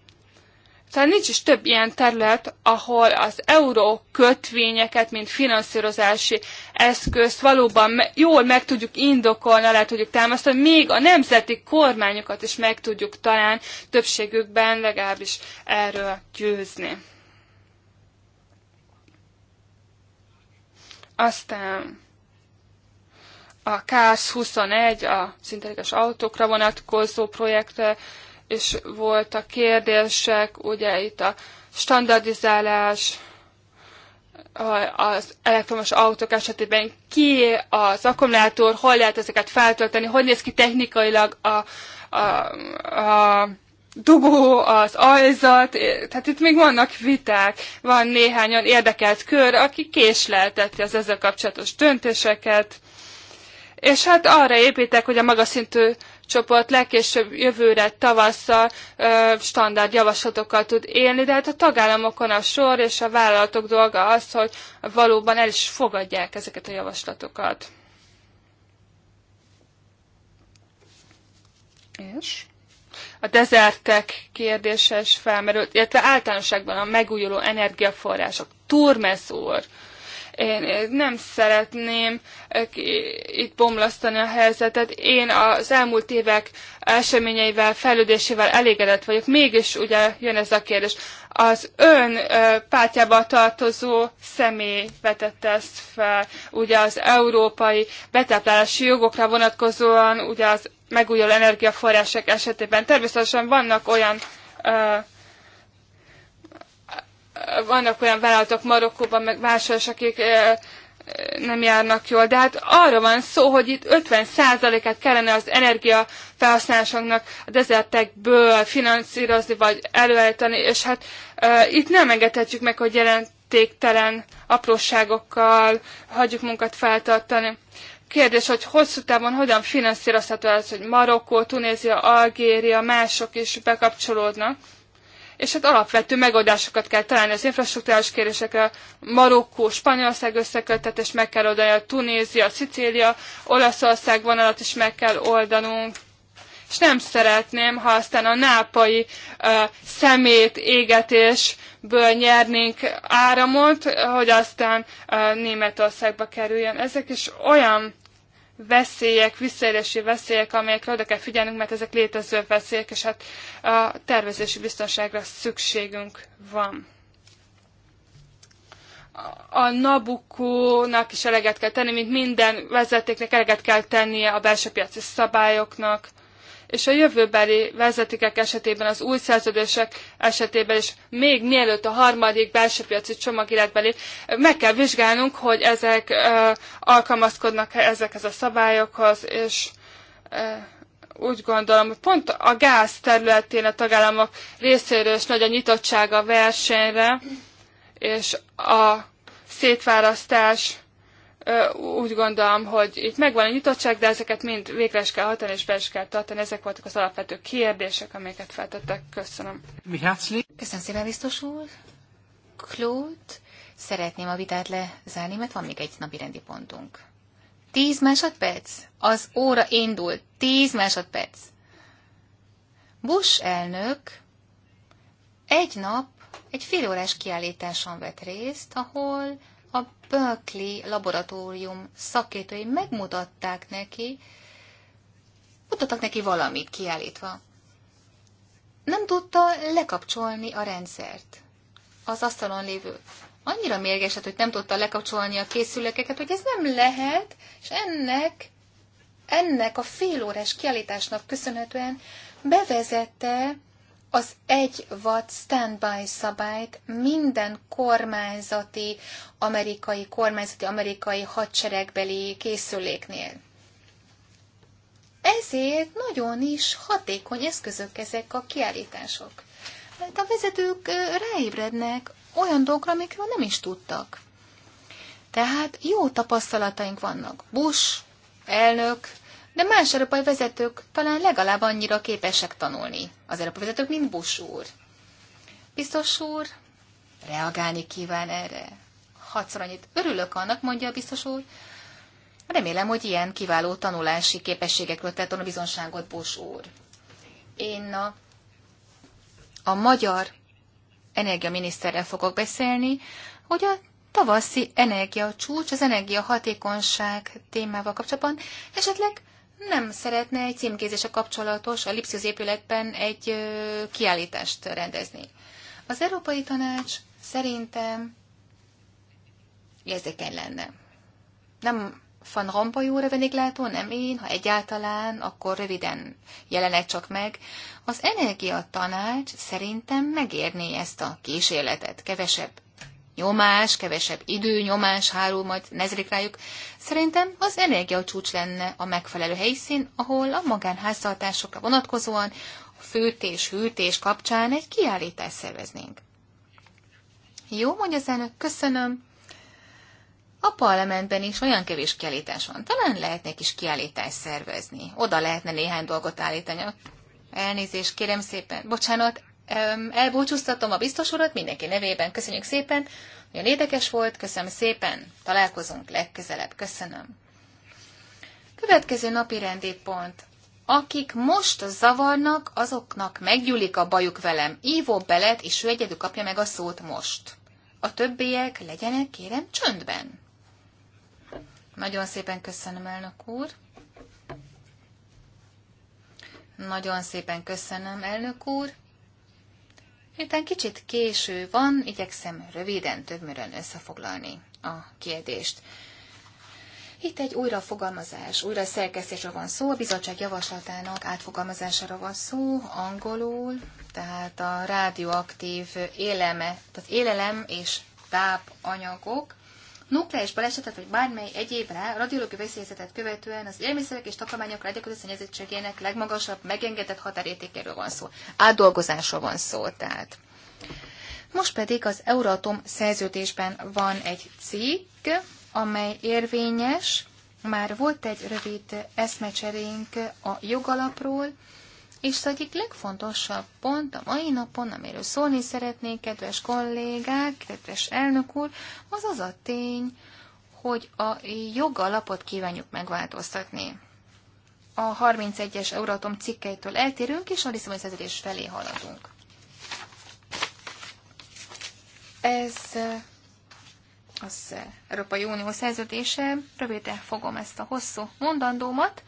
tehát nincs is több ilyen terület, ahol az euró kötvényeket, mint finanszírozási eszközt valóban jól meg tudjuk indokolni, le tudjuk támasztani, még a nemzeti kormányokat is meg tudjuk talán többségükben legalábbis erről győzni. Aztán a KS21, a szintetikus autókra vonatkozó projekt és voltak kérdések, ugye itt a standardizálás, az elektromos autók esetében ki az akkumulátor, hol lehet ezeket feltölteni, hogy néz ki technikailag a, a, a dugó, az ajzat, tehát itt még vannak viták, van néhányan érdekelt kör, aki késlelteti az ezzel kapcsolatos döntéseket, és hát arra építek, hogy a magas szintű csoport legkésőbb jövőre tavasszal ö, standard javaslatokkal tud élni, de hát a tagállamokon a sor és a vállalatok dolga az, hogy valóban el is fogadják ezeket a javaslatokat. És? A dezertek kérdéses felmerült, illetve általánosságban a megújuló energiaforrások. Turmes úr, én nem szeretném eh, itt bomlasztani a helyzetet. Én az elmúlt évek eseményeivel, fejlődésével elégedett vagyok. Mégis ugye jön ez a kérdés. Az ön eh, pártjába tartozó személy vetette ezt fel, ugye az európai betáplálási jogokra vonatkozóan, ugye az megújuló energiaforrások esetében. Természetesen vannak olyan uh, vannak olyan vállalatok Marokkóban, meg máshol akik nem járnak jól. De hát arra van szó, hogy itt 50%-át kellene az energia felhasználásoknak a dezertekből finanszírozni, vagy előállítani, és hát e, itt nem engedhetjük meg, hogy jelentéktelen apróságokkal hagyjuk munkat feltartani. Kérdés, hogy hosszú távon hogyan finanszírozható az, hogy Marokkó, Tunézia, Algéria, mások is bekapcsolódnak és hát alapvető megoldásokat kell találni az infrastruktúrás kérdésekre. Marokkó, Spanyolország összeköltetés meg kell oldani, a Tunézia, Szicília, Olaszország vonalat is meg kell oldanunk és nem szeretném, ha aztán a nápai uh, szemét égetésből nyernénk áramot, hogy aztán uh, Németországba kerüljön. Ezek is olyan veszélyek, visszaélési veszélyek, amelyekre oda kell figyelnünk, mert ezek létező veszélyek, és hát a tervezési biztonságra szükségünk van. A Nabukónak is eleget kell tenni, mint minden vezetéknek eleget kell tennie a belső piaci szabályoknak, és a jövőbeli vezetékek esetében, az új szerződések esetében is még mielőtt a harmadik belső piaci csomag életbe lép, meg kell vizsgálnunk, hogy ezek ö, alkalmazkodnak -e ezekhez a szabályokhoz, és ö, úgy gondolom, hogy pont a gáz területén a tagállamok részéről is nagy a nyitottság a versenyre, és a szétválasztás úgy gondolom, hogy itt megvan a nyitottság, de ezeket mind végre is kell hatani és be is kell tartani. Ezek voltak az alapvető kérdések, amiket feltettek. Köszönöm. Köszönöm szépen, biztos úr. Claude, szeretném a vitát lezárni, mert van még egy napi rendi pontunk. Tíz másodperc? Az óra indul. Tíz másodperc. Bush elnök egy nap egy órás kiállításon vett részt, ahol a Berkeley laboratórium szakértői megmutatták neki, mutattak neki valamit kiállítva. Nem tudta lekapcsolni a rendszert, az asztalon lévő. Annyira mérges hogy nem tudta lekapcsolni a készülékeket, hogy ez nem lehet, és ennek, ennek a félórás kiállításnak köszönhetően bevezette az egy watt standby szabályt minden kormányzati, amerikai, kormányzati, amerikai hadseregbeli készüléknél. Ezért nagyon is hatékony eszközök ezek a kiállítások. Mert a vezetők ráébrednek olyan dolgokra, amikről nem is tudtak. Tehát jó tapasztalataink vannak. Bush, elnök, de más európai vezetők talán legalább annyira képesek tanulni. Az európai vezetők, mint Bush úr. Biztos úr reagálni kíván erre. Hatszor annyit örülök annak, mondja a biztos úr. Remélem, hogy ilyen kiváló tanulási képességekről tett a bizonságot Bush úr. Én a, a magyar energiaminiszterrel fogok beszélni, hogy a tavaszi energia csúcs, az energia hatékonyság témával kapcsolatban esetleg nem szeretne egy a kapcsolatos a Lipszius épületben egy kiállítást rendezni. Az Európai Tanács szerintem érzékeny lenne. Nem Van Rompuy jóra vennék látó, nem én, ha egyáltalán, akkor röviden jelenek csak meg. Az energia tanács szerintem megérné ezt a kísérletet, kevesebb nyomás, kevesebb idő, nyomás háló, majd nezrik rájuk. Szerintem az energiacsúcs lenne a megfelelő helyszín, ahol a magánháztartásokra vonatkozóan a főtés, hűtés kapcsán egy kiállítást szerveznénk. Jó, mondja az elnök, köszönöm. A parlamentben is olyan kevés kiállítás van. Talán lehetne kis kiállítást szervezni. Oda lehetne néhány dolgot állítani. Elnézést, kérem szépen. Bocsánat, elbúcsúztatom a biztos urat mindenki nevében. Köszönjük szépen, nagyon érdekes volt, köszönöm szépen, találkozunk legközelebb, köszönöm. Következő napi rendi pont. Akik most zavarnak, azoknak meggyúlik a bajuk velem. Ívó Belet, és ő egyedül kapja meg a szót most. A többiek legyenek, kérem, csöndben. Nagyon szépen köszönöm, elnök úr. Nagyon szépen köszönöm, elnök úr. Miután kicsit késő van, igyekszem röviden, többműrön összefoglalni a kérdést. Itt egy újrafogalmazás, újra szerkesztésről van szó, a bizottság javaslatának átfogalmazására van szó, angolul, tehát a rádióaktív éleme, tehát élelem és tápanyagok, nukleáris balesetet vagy bármely egyébre, radiológiai veszélyzetet követően az élmiszerek és takarmányok radioaktív szennyezettségének legmagasabb megengedett határértékéről van szó. Átdolgozásról van szó, tehát. Most pedig az Euratom szerződésben van egy cikk, amely érvényes. Már volt egy rövid eszmecserénk a jogalapról, és az egyik legfontosabb pont a mai napon, amiről szólni szeretnék, kedves kollégák, kedves elnök úr, az az a tény, hogy a jogalapot kívánjuk megváltoztatni. A 31-es Euratom cikkeitől eltérünk, és a Lisszaboni felé haladunk. Ez az Európai Unió szerződése, röviden fogom ezt a hosszú mondandómat,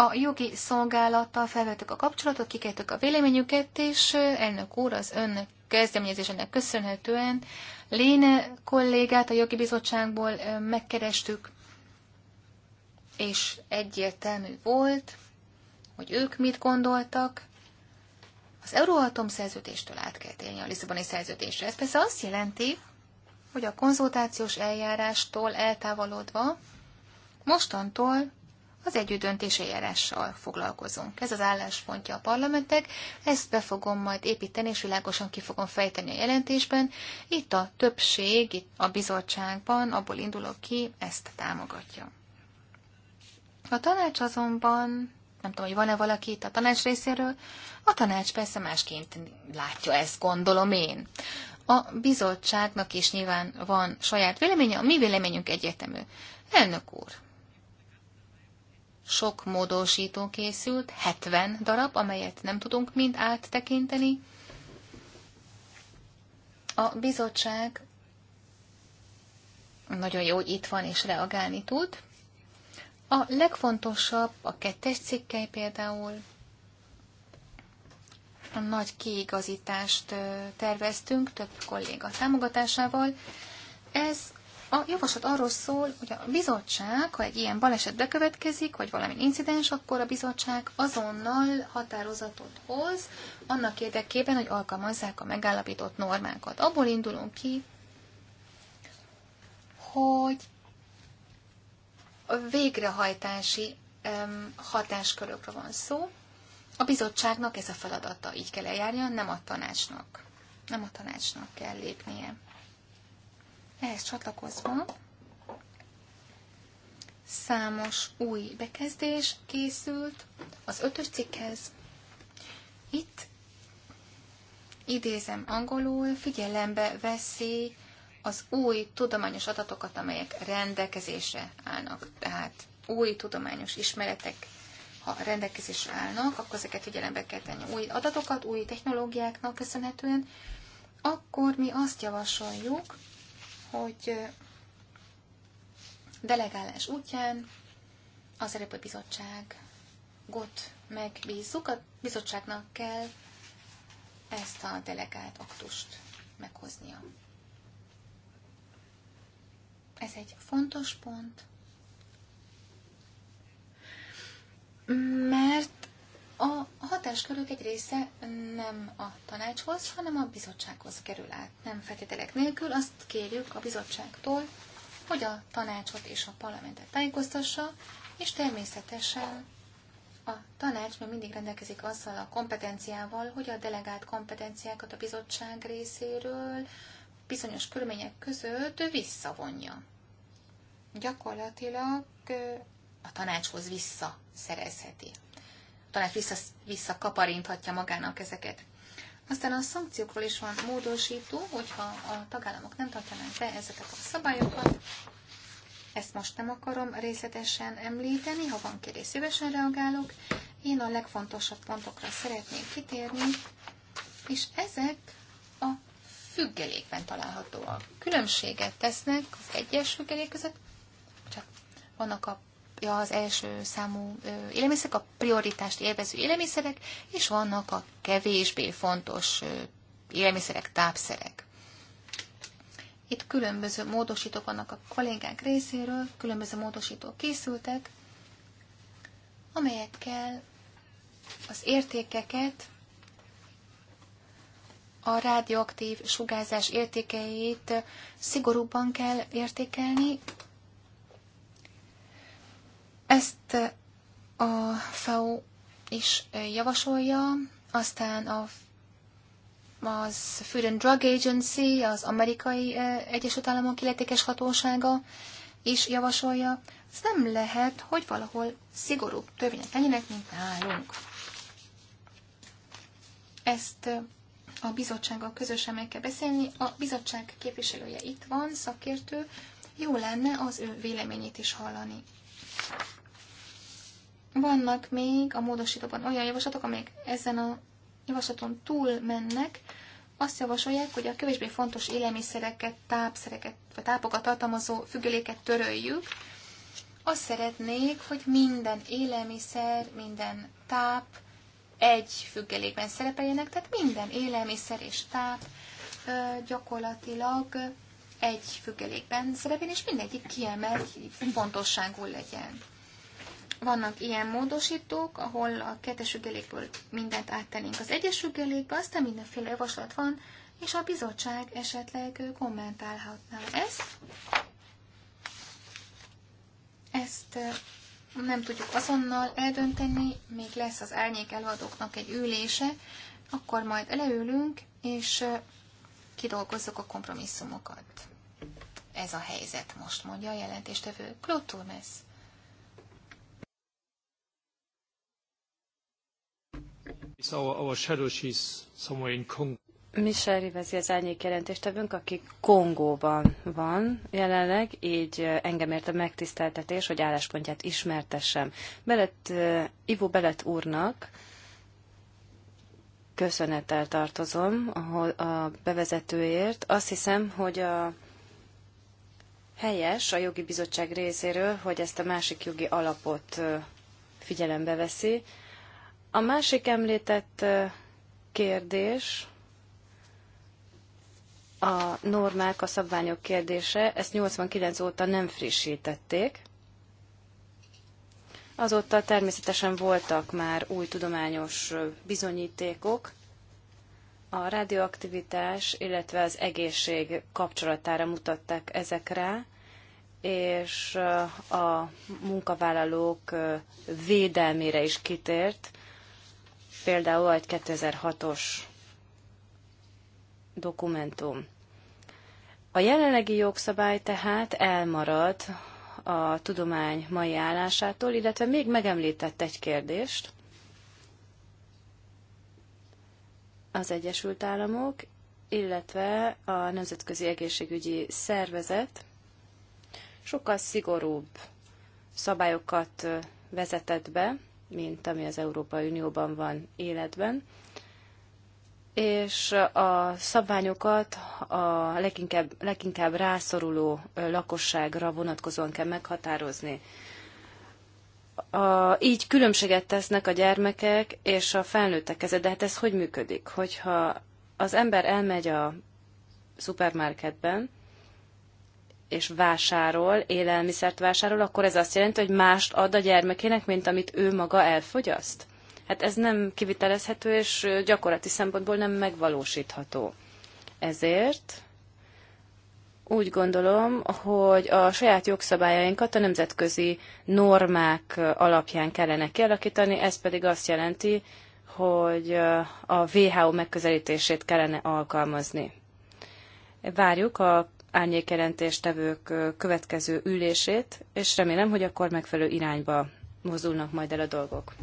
a jogi szolgálattal felvettük a kapcsolatot, kikeltük a véleményüket, és elnök úr az ön kezdeményezésének köszönhetően Léne kollégát a jogi bizottságból megkerestük, és egyértelmű volt, hogy ők mit gondoltak. Az Euróatom szerződéstől át kell térni a Lisszaboni szerződésre. Ez persze azt jelenti, hogy a konzultációs eljárástól eltávolodva mostantól az együttdöntési eljárással foglalkozunk. Ez az álláspontja a parlamentek, ezt be fogom majd építeni, és világosan ki fogom fejteni a jelentésben. Itt a többség, itt a bizottságban, abból indulok ki, ezt támogatja. A tanács azonban, nem tudom, hogy van-e valaki itt a tanács részéről, a tanács persze másként látja ezt, gondolom én. A bizottságnak is nyilván van saját véleménye, a mi véleményünk egyetemű. Elnök úr, sok módosító készült, 70 darab, amelyet nem tudunk mind áttekinteni. A bizottság nagyon jó, hogy itt van és reagálni tud. A legfontosabb, a kettes cikkely például, a nagy kiigazítást terveztünk több kolléga támogatásával. Ez a javaslat arról szól, hogy a bizottság, ha egy ilyen baleset bekövetkezik, vagy valami incidens, akkor a bizottság azonnal határozatot hoz, annak érdekében, hogy alkalmazzák a megállapított normákat. Abból indulunk ki, hogy a végrehajtási hatáskörökre van szó. A bizottságnak ez a feladata, így kell eljárnia, nem a tanácsnak. Nem a tanácsnak kell lépnie. Ehhez csatlakozva számos új bekezdés készült az ötös cikkhez. Itt idézem angolul, figyelembe veszi az új tudományos adatokat, amelyek rendelkezésre állnak. Tehát új tudományos ismeretek, ha rendelkezésre állnak, akkor ezeket figyelembe kell tenni. Új adatokat, új technológiáknak köszönhetően, akkor mi azt javasoljuk, hogy delegálás útján az Európai Bizottságot megbízzuk, a bizottságnak kell ezt a delegált aktust meghoznia. Ez egy fontos pont, mert a hatáskörök egy része nem a tanácshoz, hanem a bizottsághoz kerül át. Nem feltételek nélkül azt kérjük a bizottságtól, hogy a tanácsot és a parlamentet tájékoztassa, és természetesen a tanács még mindig rendelkezik azzal a kompetenciával, hogy a delegált kompetenciákat a bizottság részéről bizonyos körülmények között visszavonja. Gyakorlatilag a tanácshoz visszaszerezheti talán vissza, magának ezeket. Aztán a szankciókról is van módosító, hogyha a tagállamok nem tartanák be ezeket a szabályokat. Ezt most nem akarom részletesen említeni, ha van kérdés, szívesen reagálok. Én a legfontosabb pontokra szeretnék kitérni, és ezek a függelékben találhatóak. Különbséget tesznek az egyes függelék között, csak vannak a Ja, az első számú élelmiszerek, a prioritást élvező élelmiszerek, és vannak a kevésbé fontos élelmiszerek, tápszerek. Itt különböző módosítók vannak a kollégák részéről, különböző módosítók készültek, amelyekkel az értékeket, a rádióaktív sugárzás értékeit szigorúbban kell értékelni, ezt eh, a FAO e is eh, javasolja, aztán a, az Food and Drug Agency, az amerikai eh, Egyesült Államok illetékes hatósága is javasolja. Ez nem lehet, hogy valahol szigorúbb törvények lennének, mint nálunk. Ezt a bizottsággal közösen meg kell beszélni. A bizottság képviselője itt van, szakértő. Jó lenne az ő véleményét is hallani. Vannak még a módosítóban olyan javaslatok, amelyek ezen a javaslaton túl mennek. Azt javasolják, hogy a kevésbé fontos élelmiszereket, tápszereket, vagy tápokat tartalmazó függeléket töröljük. Azt szeretnék, hogy minden élelmiszer, minden táp egy függelékben szerepeljenek, tehát minden élelmiszer és táp gyakorlatilag egy függelékben szerepeljen, és mindegyik kiemelt fontosságú legyen. Vannak ilyen módosítók, ahol a kettes mindent áttennénk az egyes ügyelékbe, aztán mindenféle javaslat van, és a bizottság esetleg kommentálhatná ezt. Ezt nem tudjuk azonnal eldönteni, még lesz az árnyék előadóknak egy ülése, akkor majd leülünk, és kidolgozzuk a kompromisszumokat. Ez a helyzet most, mondja a jelentéstevő Claude Our, our Michel Rivezi az árnyék jelentéstevőnk, aki Kongóban van jelenleg, így engem ért a megtiszteltetés, hogy álláspontját ismertessem. Belet, Ivo Belet úrnak köszönettel tartozom a bevezetőért. Azt hiszem, hogy a helyes a jogi bizottság részéről, hogy ezt a másik jogi alapot figyelembe veszi, a másik említett kérdés a normák, a szabványok kérdése, ezt 89 óta nem frissítették. Azóta természetesen voltak már új tudományos bizonyítékok, a radioaktivitás, illetve az egészség kapcsolatára mutattak ezek rá, és a munkavállalók védelmére is kitért például egy 2006-os dokumentum. A jelenlegi jogszabály tehát elmarad a tudomány mai állásától, illetve még megemlített egy kérdést. Az Egyesült Államok, illetve a Nemzetközi Egészségügyi Szervezet sokkal szigorúbb szabályokat vezetett be, mint ami az Európai Unióban van életben. És a szabványokat a leginkább, leginkább rászoruló lakosságra vonatkozóan kell meghatározni. A, így különbséget tesznek a gyermekek és a felnőttek között, de hát ez hogy működik? Hogyha az ember elmegy a szupermarketben, és vásárol, élelmiszert vásárol, akkor ez azt jelenti, hogy mást ad a gyermekének, mint amit ő maga elfogyaszt? Hát ez nem kivitelezhető, és gyakorlati szempontból nem megvalósítható. Ezért úgy gondolom, hogy a saját jogszabályainkat a nemzetközi normák alapján kellene kialakítani, ez pedig azt jelenti, hogy a WHO megközelítését kellene alkalmazni. Várjuk a árnyékjelentéstevők következő ülését, és remélem, hogy akkor megfelelő irányba mozdulnak majd el a dolgok.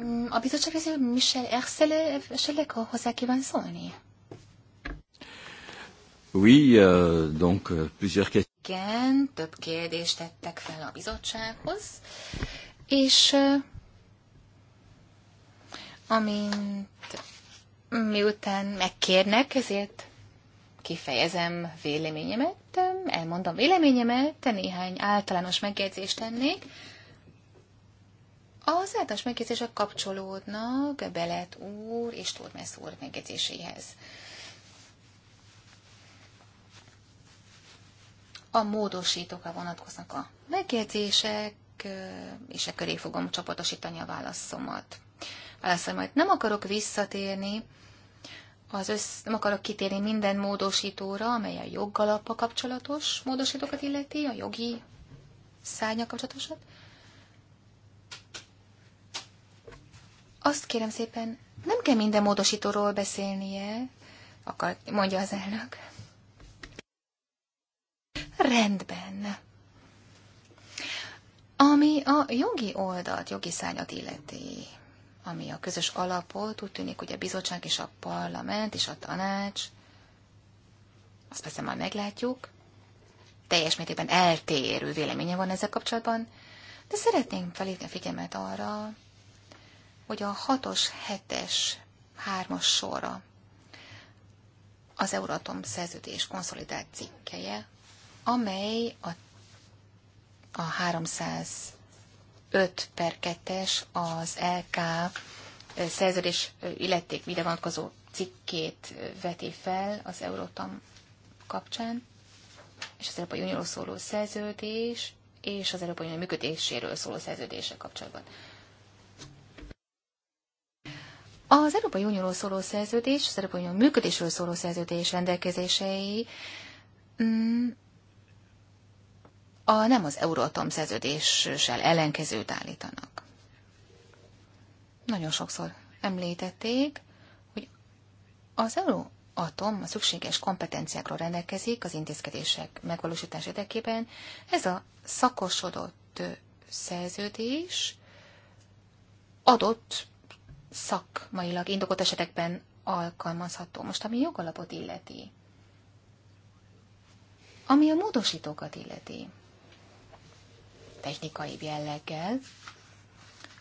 Mm, a bizottság részéről Michel Ercele esetleg hozzá kíván szólni? Oui, uh, donc euh, plusieurs questions. Igen, több kérdést tettek fel a bizottsághoz, és amint miután megkérnek, ezért kifejezem véleményemet, elmondom véleményemet, néhány általános megjegyzést tennék. Az általános megjegyzések kapcsolódnak Belet úr és Tormesz úr megjegyzéséhez. A módosítókra vonatkoznak a megjegyzések, és e köré fogom csapatosítani a válaszomat. Válaszomat nem akarok visszatérni az össz, nem akarok kitérni minden módosítóra, amely a joggalappa kapcsolatos módosítókat illeti, a jogi szárnya kapcsolatosat. Azt kérem szépen, nem kell minden módosítóról beszélnie, akar, mondja az elnök. Rendben. Ami a jogi oldalt, jogi szányat illeti ami a közös alapot, úgy tűnik, hogy a bizottság és a parlament és a tanács, azt persze majd meglátjuk, teljes mértékben eltérő véleménye van ezzel kapcsolatban, de szeretnénk felhívni a figyelmet arra, hogy a 6-os, 7-es, 3-as sorra az Euratom szerződés konszolidált cikkeje, amely a, a 300 5 per 2-es az LK szerződés illeték ide vonatkozó cikkét veti fel az Eurotam kapcsán, és az Európai Unióról szóló szerződés, és az Európai Unió működéséről szóló szerződése kapcsolatban. Az Európai Unióról szóló szerződés, az Európai Unió működésről szóló szerződés rendelkezései mm, a nem az euróatom szerződéssel ellenkezőt állítanak. Nagyon sokszor említették, hogy az euróatom a szükséges kompetenciákról rendelkezik az intézkedések megvalósítás érdekében. Ez a szakosodott szerződés adott szakmailag indokott esetekben alkalmazható. Most ami jogalapot illeti, ami a módosítókat illeti technikai jelleggel.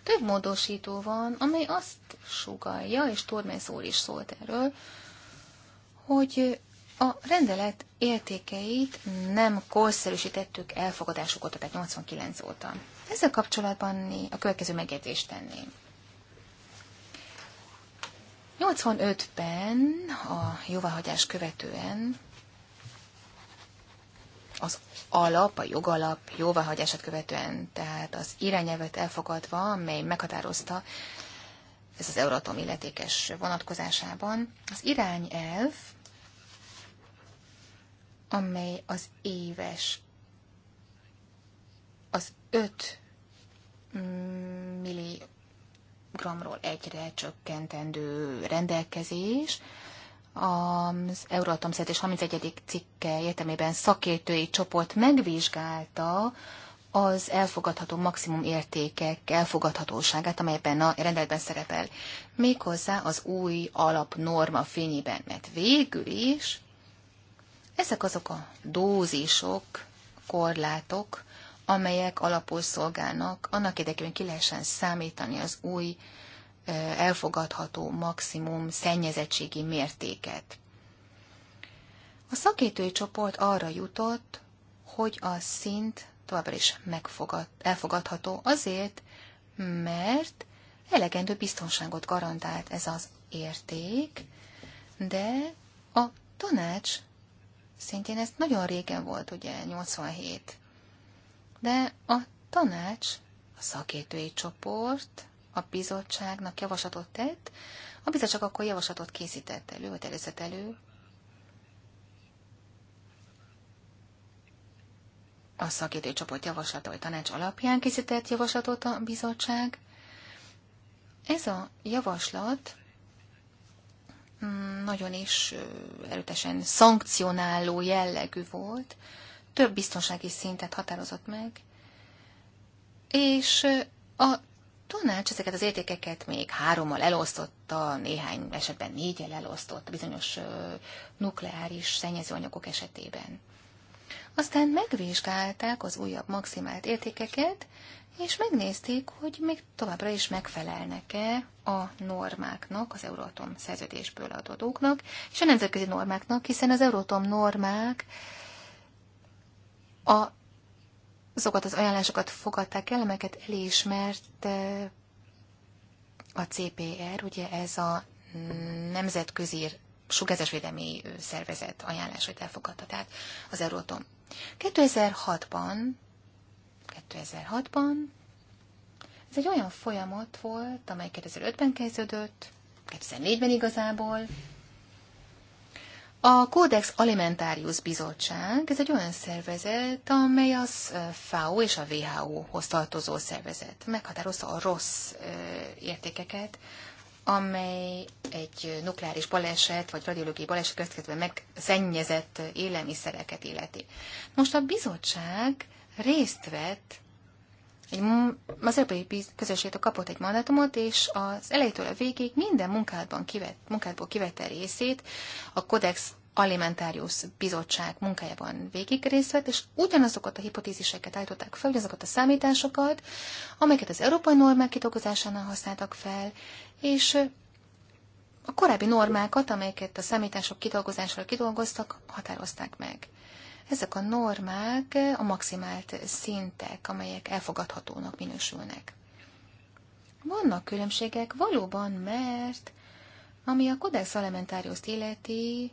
Több módosító van, amely azt sugalja, és Tormész szól is szólt erről, hogy a rendelet értékeit nem korszerűsítettük elfogadásuk óta, tehát 89 óta. Ezzel kapcsolatban a következő megjegyzést tenném. 85-ben a jóváhagyás követően az alap, a jogalap jóváhagyását követően, tehát az irányelvet elfogadva, amely meghatározta, ez az Euratom illetékes vonatkozásában, az irányelv, amely az éves, az 5 milligramról egyre csökkentendő rendelkezés, az Euratom Szerzés 31. cikke értelmében szakértői csoport megvizsgálta az elfogadható maximum értékek elfogadhatóságát, amelyben a rendeletben szerepel, méghozzá az új alapnorma fényében, mert végül is ezek azok a dózisok, korlátok, amelyek alapul szolgálnak annak érdekében, ki lehessen számítani az új elfogadható maximum szennyezettségi mértéket. A szakértői csoport arra jutott, hogy a szint továbbra is megfogad, elfogadható azért, mert elegendő biztonságot garantált ez az érték, de a tanács szintén ez nagyon régen volt, ugye 87. De a tanács, a szakértői csoport a bizottságnak javaslatot tett, a bizottság akkor javaslatot készített elő, vagy előzett elő, a szakértő csoport javaslata vagy tanács alapján készített javaslatot a bizottság. Ez a javaslat mm, nagyon is erőtesen szankcionáló jellegű volt, több biztonsági szintet határozott meg, és a tanács ezeket az értékeket még hárommal elosztotta, néhány esetben négyel elosztotta bizonyos nukleáris szennyezőanyagok esetében. Aztán megvizsgálták az újabb maximált értékeket, és megnézték, hogy még továbbra is megfelelnek-e a normáknak, az euróatom szerződésből adódóknak, és a nemzetközi normáknak, hiszen az euróatom normák a azokat az ajánlásokat fogadták el, amelyeket elismert eh, a CPR, ugye ez a nemzetközi sugárzásvédelmi szervezet ajánlásait elfogadta, tehát az Euróton. 2006-ban, 2006-ban ez egy olyan folyamat volt, amely 2005-ben kezdődött, 2004-ben igazából, a Codex Alimentarius Bizottság, ez egy olyan szervezet, amely az FAO és a WHO-hoz tartozó szervezet. Meghatározta a rossz értékeket, amely egy nukleáris baleset vagy radiológiai baleset következtében megszennyezett élelmiszereket illeti. Most a bizottság részt vett egy, az Európai Közösségtől kapott egy mandátumot, és az elejétől a végéig minden munkádban kivett, munkádból kivette részét a Codex Alimentárius Bizottság munkájában végig részt vett, és ugyanazokat a hipotéziseket állították fel, ugyanazokat a számításokat, amelyeket az európai normák kidolgozásánál használtak fel, és a korábbi normákat, amelyeket a számítások kidolgozására kidolgoztak, határozták meg. Ezek a normák a maximált szintek, amelyek elfogadhatónak minősülnek. Vannak különbségek valóban, mert ami a Codex Alimentarius illeti,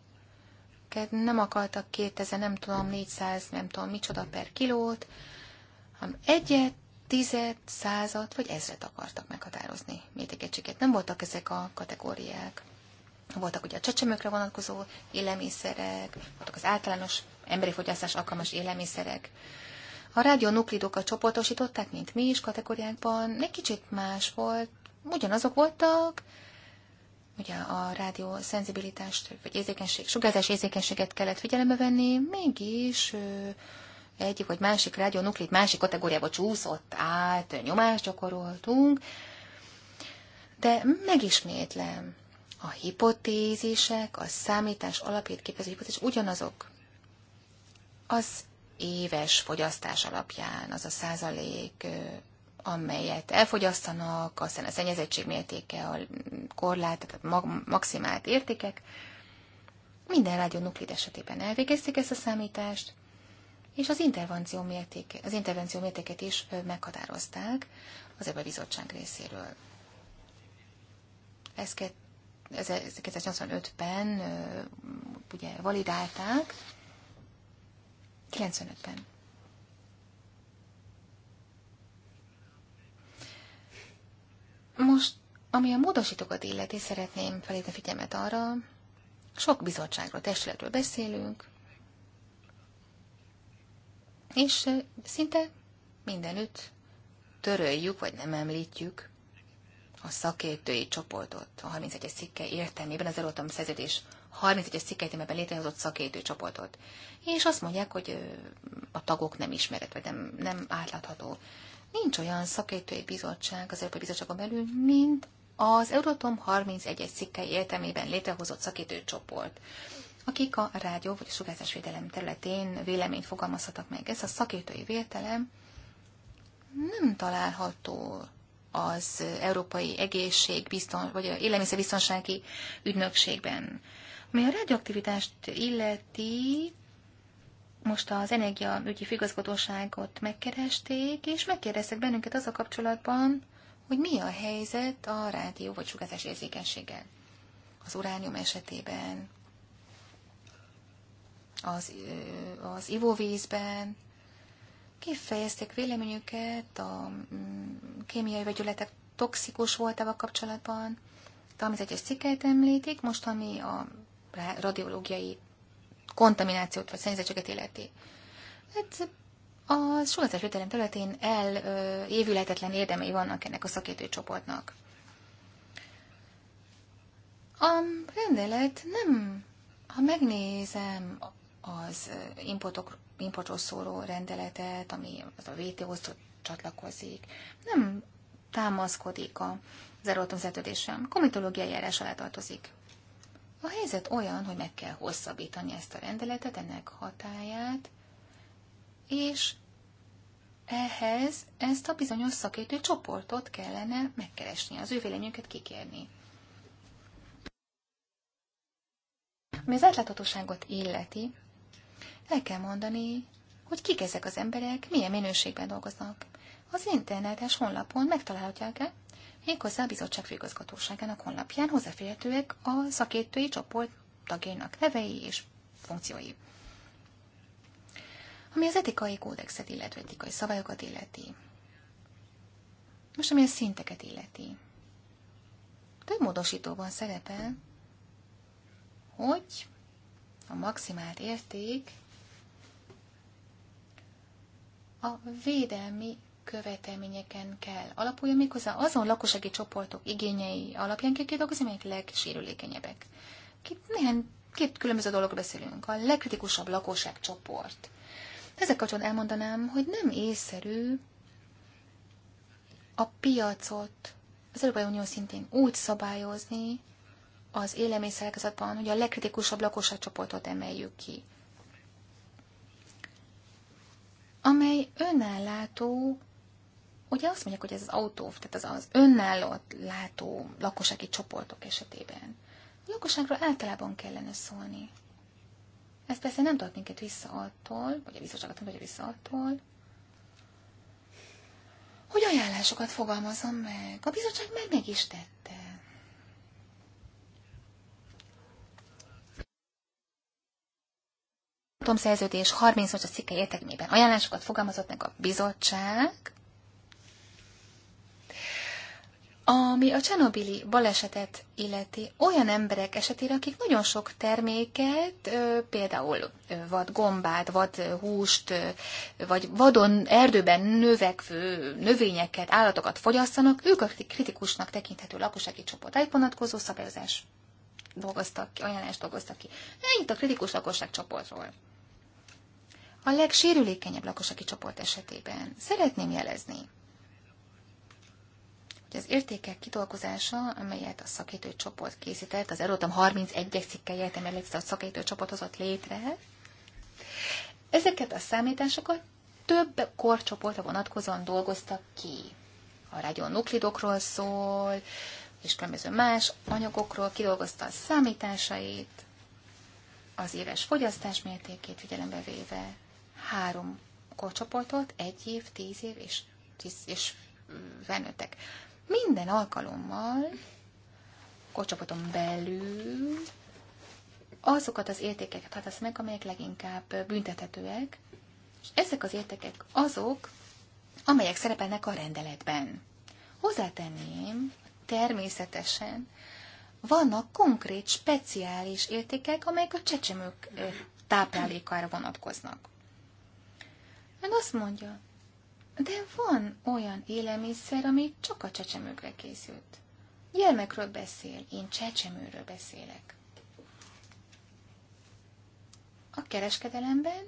nem akartak 2000, nem tudom, 400, nem tudom micsoda per kilót, hanem egyet, tized, százat vagy ezret akartak meghatározni mértékegységet. Nem voltak ezek a kategóriák. Voltak ugye a csecsemőkre vonatkozó élelmiszerek, voltak az általános emberi fogyasztás alkalmas élelmiszerek. A rádionuklidokat csoportosították, mint mi is kategóriákban, egy kicsit más volt, ugyanazok voltak, ugye a rádió szenzibilitást, vagy érzékenység, sugárzás érzékenységet kellett figyelembe venni, mégis egyik vagy másik rádionuklid másik kategóriába csúszott át, nyomást gyakoroltunk, de megismétlem, a hipotézisek, a számítás alapját képező hipotézis ugyanazok az éves fogyasztás alapján az a százalék, amelyet elfogyasztanak, aztán a szennyezettség mértéke, a korlát, tehát mag- maximált értékek, minden rádiónuklid esetében elvégezték ezt a számítást, és az intervenció, mértéke, az intervenció mértéket is meghatározták az ebbe bizottság részéről. Ezt 1985-ben ugye validálták, 95-ben. Most, ami a módosítókat illeti, szeretném felhívni figyelmet arra, sok bizottságról, testületről beszélünk, és szinte mindenütt töröljük, vagy nem említjük a szakértői csoportot, a 31-es cikke értelmében az előttem szerződés 31-es cikketemben létrehozott szakértő csoportot. És azt mondják, hogy a tagok nem ismeret, vagy nem, nem átlátható. Nincs olyan szakértői bizottság az Európai Bizottságon belül, mint az Euratom 31-es cikkei értelmében létrehozott szakértő csoport akik a rádió vagy a sugárzásvédelem területén véleményt fogalmazhatnak meg. Ez a szakértői vételem nem található az Európai Egészség bizton, vagy Élelmiszerbiztonsági Ügynökségben. Ami a radioaktivitást illeti, most az energiaügyi figazgatóságot megkeresték, és megkérdeztek bennünket az a kapcsolatban, hogy mi a helyzet a rádió vagy sugárzás érzékenységgel. Az uránium esetében, az, az ivóvízben, kifejezték véleményüket a mm, kémiai vegyületek toxikus voltával kapcsolatban, de amit egyes cikkeit említik, most ami a radiológiai kontaminációt vagy szennyezettséget illeti. Hát a sugárzás védelem területén el ö, érdemei vannak ennek a szakértői csoportnak. A rendelet nem, ha megnézem az importok, importról szóló rendeletet, ami az a WTO-hoz csatlakozik, nem támaszkodik a az erőltem Komitológiai járás alá tartozik. A helyzet olyan, hogy meg kell hosszabbítani ezt a rendeletet, ennek hatáját, és ehhez ezt a bizonyos szakértő csoportot kellene megkeresni, az ő véleményüket kikérni. Ami az átláthatóságot illeti, el kell mondani, hogy kik ezek az emberek, milyen minőségben dolgoznak. Az internetes honlapon megtalálhatják-e méghozzá a bizottság főigazgatóságának honlapján hozzáférhetőek a szakértői csoport tagjainak nevei és funkciói. Ami az etikai kódexet, illetve etikai szabályokat illeti. Most ami a szinteket illeti. Több módosítóban szerepel, hogy a maximált érték a védelmi követelményeken kell alapulja, méghozzá azon lakossági csoportok igényei alapján kell kidolgozni, amelyek legsérülékenyebbek. Két, néhány, két különböző dolog beszélünk. A legkritikusabb lakosságcsoport. Ezek kapcsolatban elmondanám, hogy nem észszerű a piacot az Európai Unió szintén úgy szabályozni az élelmiszerekazatban, hogy a legkritikusabb lakosságcsoportot emeljük ki amely önállátó Ugye azt mondják, hogy ez az autó, tehát az, az önálló látó lakossági csoportok esetében. A lakosságról általában kellene szólni. Ez persze nem tart minket vissza attól, vagy a bizottságot nem vagy vissza attól, hogy ajánlásokat fogalmazom meg. A bizottság meg meg is tette. szerződés 38-as cikke értekmében ajánlásokat fogalmazott meg a bizottság, Ami a Csenobili balesetet illeti olyan emberek esetére, akik nagyon sok terméket, például vad gombát, vad húst, vagy vadon erdőben növekvő növényeket, állatokat fogyasztanak, ők a kritikusnak tekinthető lakossági Egy vonatkozó szabályozás dolgoztak ki, ajánlást dolgoztak ki. Itt a kritikus lakosság csoportról. A legsérülékenyebb lakossági csoport esetében szeretném jelezni, hogy az értékek kidolgozása, amelyet a szakítő csoport készített, az előttem 31 cikkelyet, amelyet a szakítő csoport hozott létre, ezeket a számításokat több korcsoportra vonatkozóan dolgoztak ki. A radionuklidokról szól, és különböző más anyagokról kidolgozta a számításait, az éves fogyasztás mértékét figyelembe véve három korcsoportot, egy év, tíz év és, tíz, és felnőttek minden alkalommal korcsapaton belül azokat az értékeket hatasz meg, amelyek leginkább büntethetőek, és ezek az értékek azok, amelyek szerepelnek a rendeletben. Hozzátenném, természetesen vannak konkrét, speciális értékek, amelyek a csecsemők táplálékára vonatkoznak. Meg azt mondja, de van olyan élelmiszer, ami csak a csecsemőkre készült. Gyermekről beszél, én csecsemőről beszélek. A kereskedelemben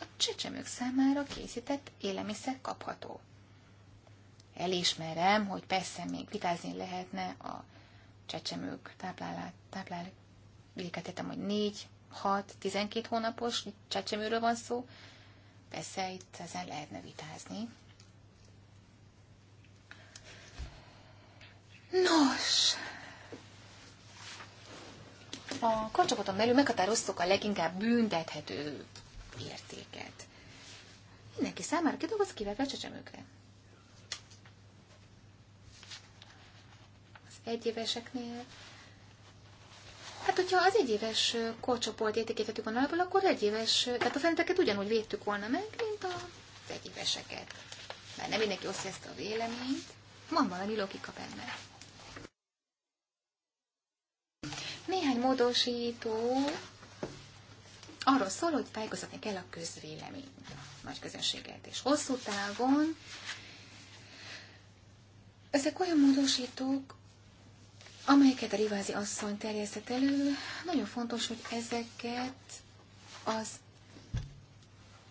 a csecsemők számára készített élelmiszer kapható. Elismerem, hogy persze még vitázni lehetne a csecsemők táplálát, tápláléketetem, hogy 4, 6, 12 hónapos csecsemőről van szó, persze itt ezen lehetne vitázni. Nos, a karcsokaton belül meghatároztuk a leginkább büntethető értéket. Mindenki számára kidolgoz, kivéve a csecsemőkre. Az egyéveseknél Hát, hogyha az egyéves korcsoport értékítettük volna alapul, akkor egyéves, tehát a felnőtteket ugyanúgy védtük volna meg, mint az egyéveseket. Mert nem mindenki osztja ezt a véleményt. Van valami logika benne. Néhány módosító arról szól, hogy tájékozatni kell a közvéleményt, a nagy közönséget, és hosszú távon ezek olyan módosítók, amelyeket a Rivázi asszony terjesztett elő, nagyon fontos, hogy ezeket az,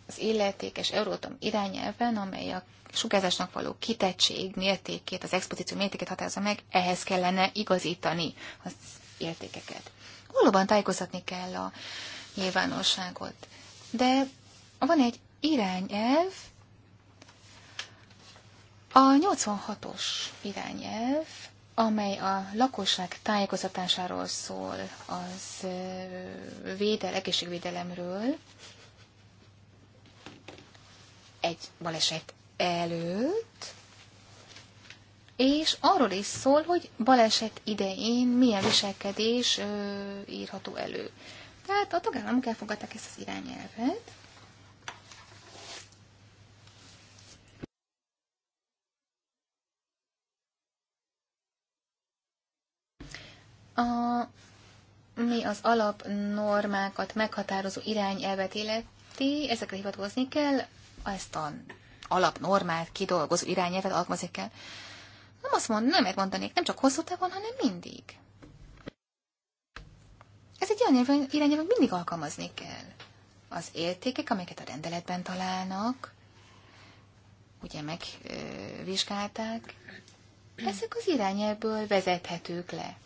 az illetékes Euróton irányelven, amely a sugárzásnak való kitettség mértékét, az expozíció mértékét határozza meg, ehhez kellene igazítani. Az értékeket. Valóban tájékoztatni kell a nyilvánosságot. De van egy irányelv, a 86-os irányelv, amely a lakosság tájékozatásáról szól, az védel, egészségvédelemről, egy baleset előtt, és arról is szól, hogy baleset idején milyen viselkedés ö, írható elő. Tehát a tagállamok elfogadták ezt az irányelvet, a, mi az alapnormákat meghatározó irányelvet életi? ezekre hivatkozni kell, ezt a alapnormát kidolgozó irányelvet alkalmazni kell nem azt mond, nem megmondanék, nem csak hosszú távon, hanem mindig. Ez egy olyan irány, amit mindig alkalmazni kell. Az értékek, amiket a rendeletben találnak, ugye megvizsgálták, ezek az irányelvből vezethetők le.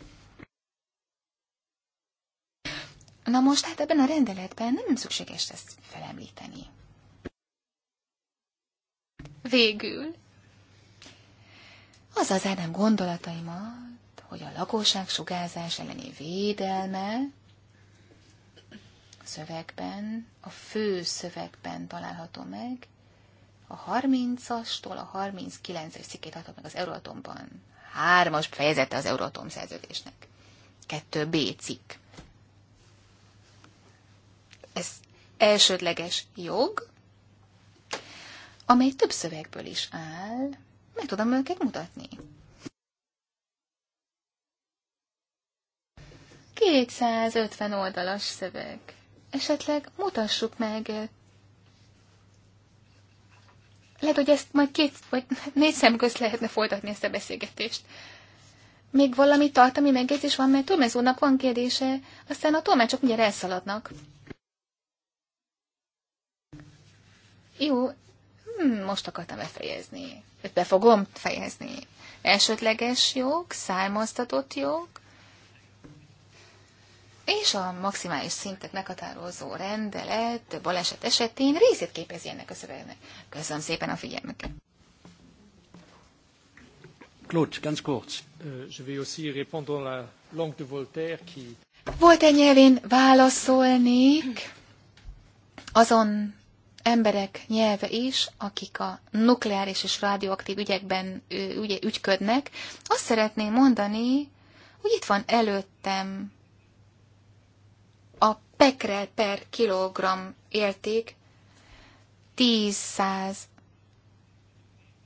Na most hát ebben a rendeletben nem szükséges ezt felemlíteni. Végül az az árám gondolataimat, hogy a lakóság sugárzás elleni védelme a szövegben, a fő szövegben található meg, a 30-astól a 39-es cikkét adhat meg az Euróatomban. Hármas fejezete az Euróatom szerződésnek. 2B cikk. Ez elsődleges jog, amely több szövegből is áll, meg tudom őket mutatni. Kétszázötven oldalas szöveg. Esetleg mutassuk meg. Lehet, hogy ezt majd két vagy négy szem közt lehetne folytatni ezt a beszélgetést. Még valami tartalmi megjegyzés van, mert Tomezónak van kérdése, aztán a tolmácsok mindjárt elszaladnak. Jó, Hmm, most akartam befejezni. Be fogom fejezni. Elsődleges jog, származtatott jog, és a maximális szintet meghatározó rendelet baleset esetén részét képezi ennek a szövegnek. Köszönöm szépen a figyelmüket. Claude, ganz kurz. Äh, je vais aussi répondre la langue de Voltaire qui... Volt egy nyelvén válaszolnék azon emberek nyelve is, akik a nukleáris és radioaktív ügyekben ügy, ügyködnek, azt szeretném mondani, hogy itt van előttem a pekrel per kilogram érték 10-100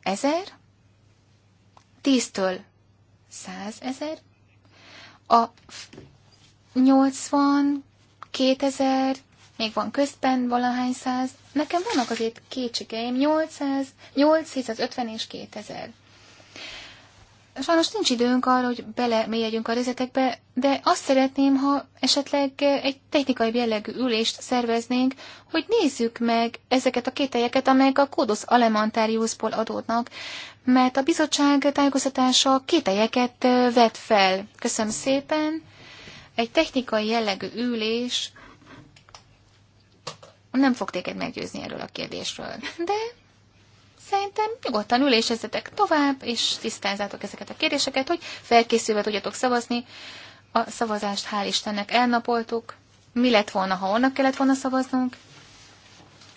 ezer, 10-től 100 ezer, a 82 ezer, még van közben valahány száz. Nekem vannak azért kétségeim, 800, 850 és 2000. Sajnos nincs időnk arra, hogy belemélyedjünk a részletekbe, de azt szeretném, ha esetleg egy technikai jellegű ülést szerveznénk, hogy nézzük meg ezeket a kételyeket, amelyek a Kódosz Alemantáriusból adódnak, mert a bizottság tájékoztatása kételyeket eh, vet fel. Köszönöm szépen! Egy technikai jellegű ülés nem fog téged meggyőzni erről a kérdésről, de szerintem nyugodtan ülésezzetek tovább, és tisztázzátok ezeket a kérdéseket, hogy felkészülve tudjatok szavazni. A szavazást hál' Istennek elnapoltuk. Mi lett volna, ha onnak kellett volna szavaznunk?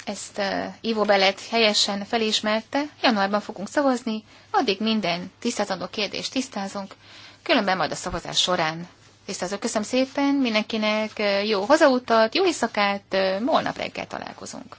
Ezt uh, Ivo Belet helyesen felismerte. Januárban fogunk szavazni, addig minden tisztázandó kérdést tisztázunk, különben majd a szavazás során tisztázok. Köszönöm szépen mindenkinek, eh, jó hazautat, jó éjszakát, eh, holnap reggel találkozunk.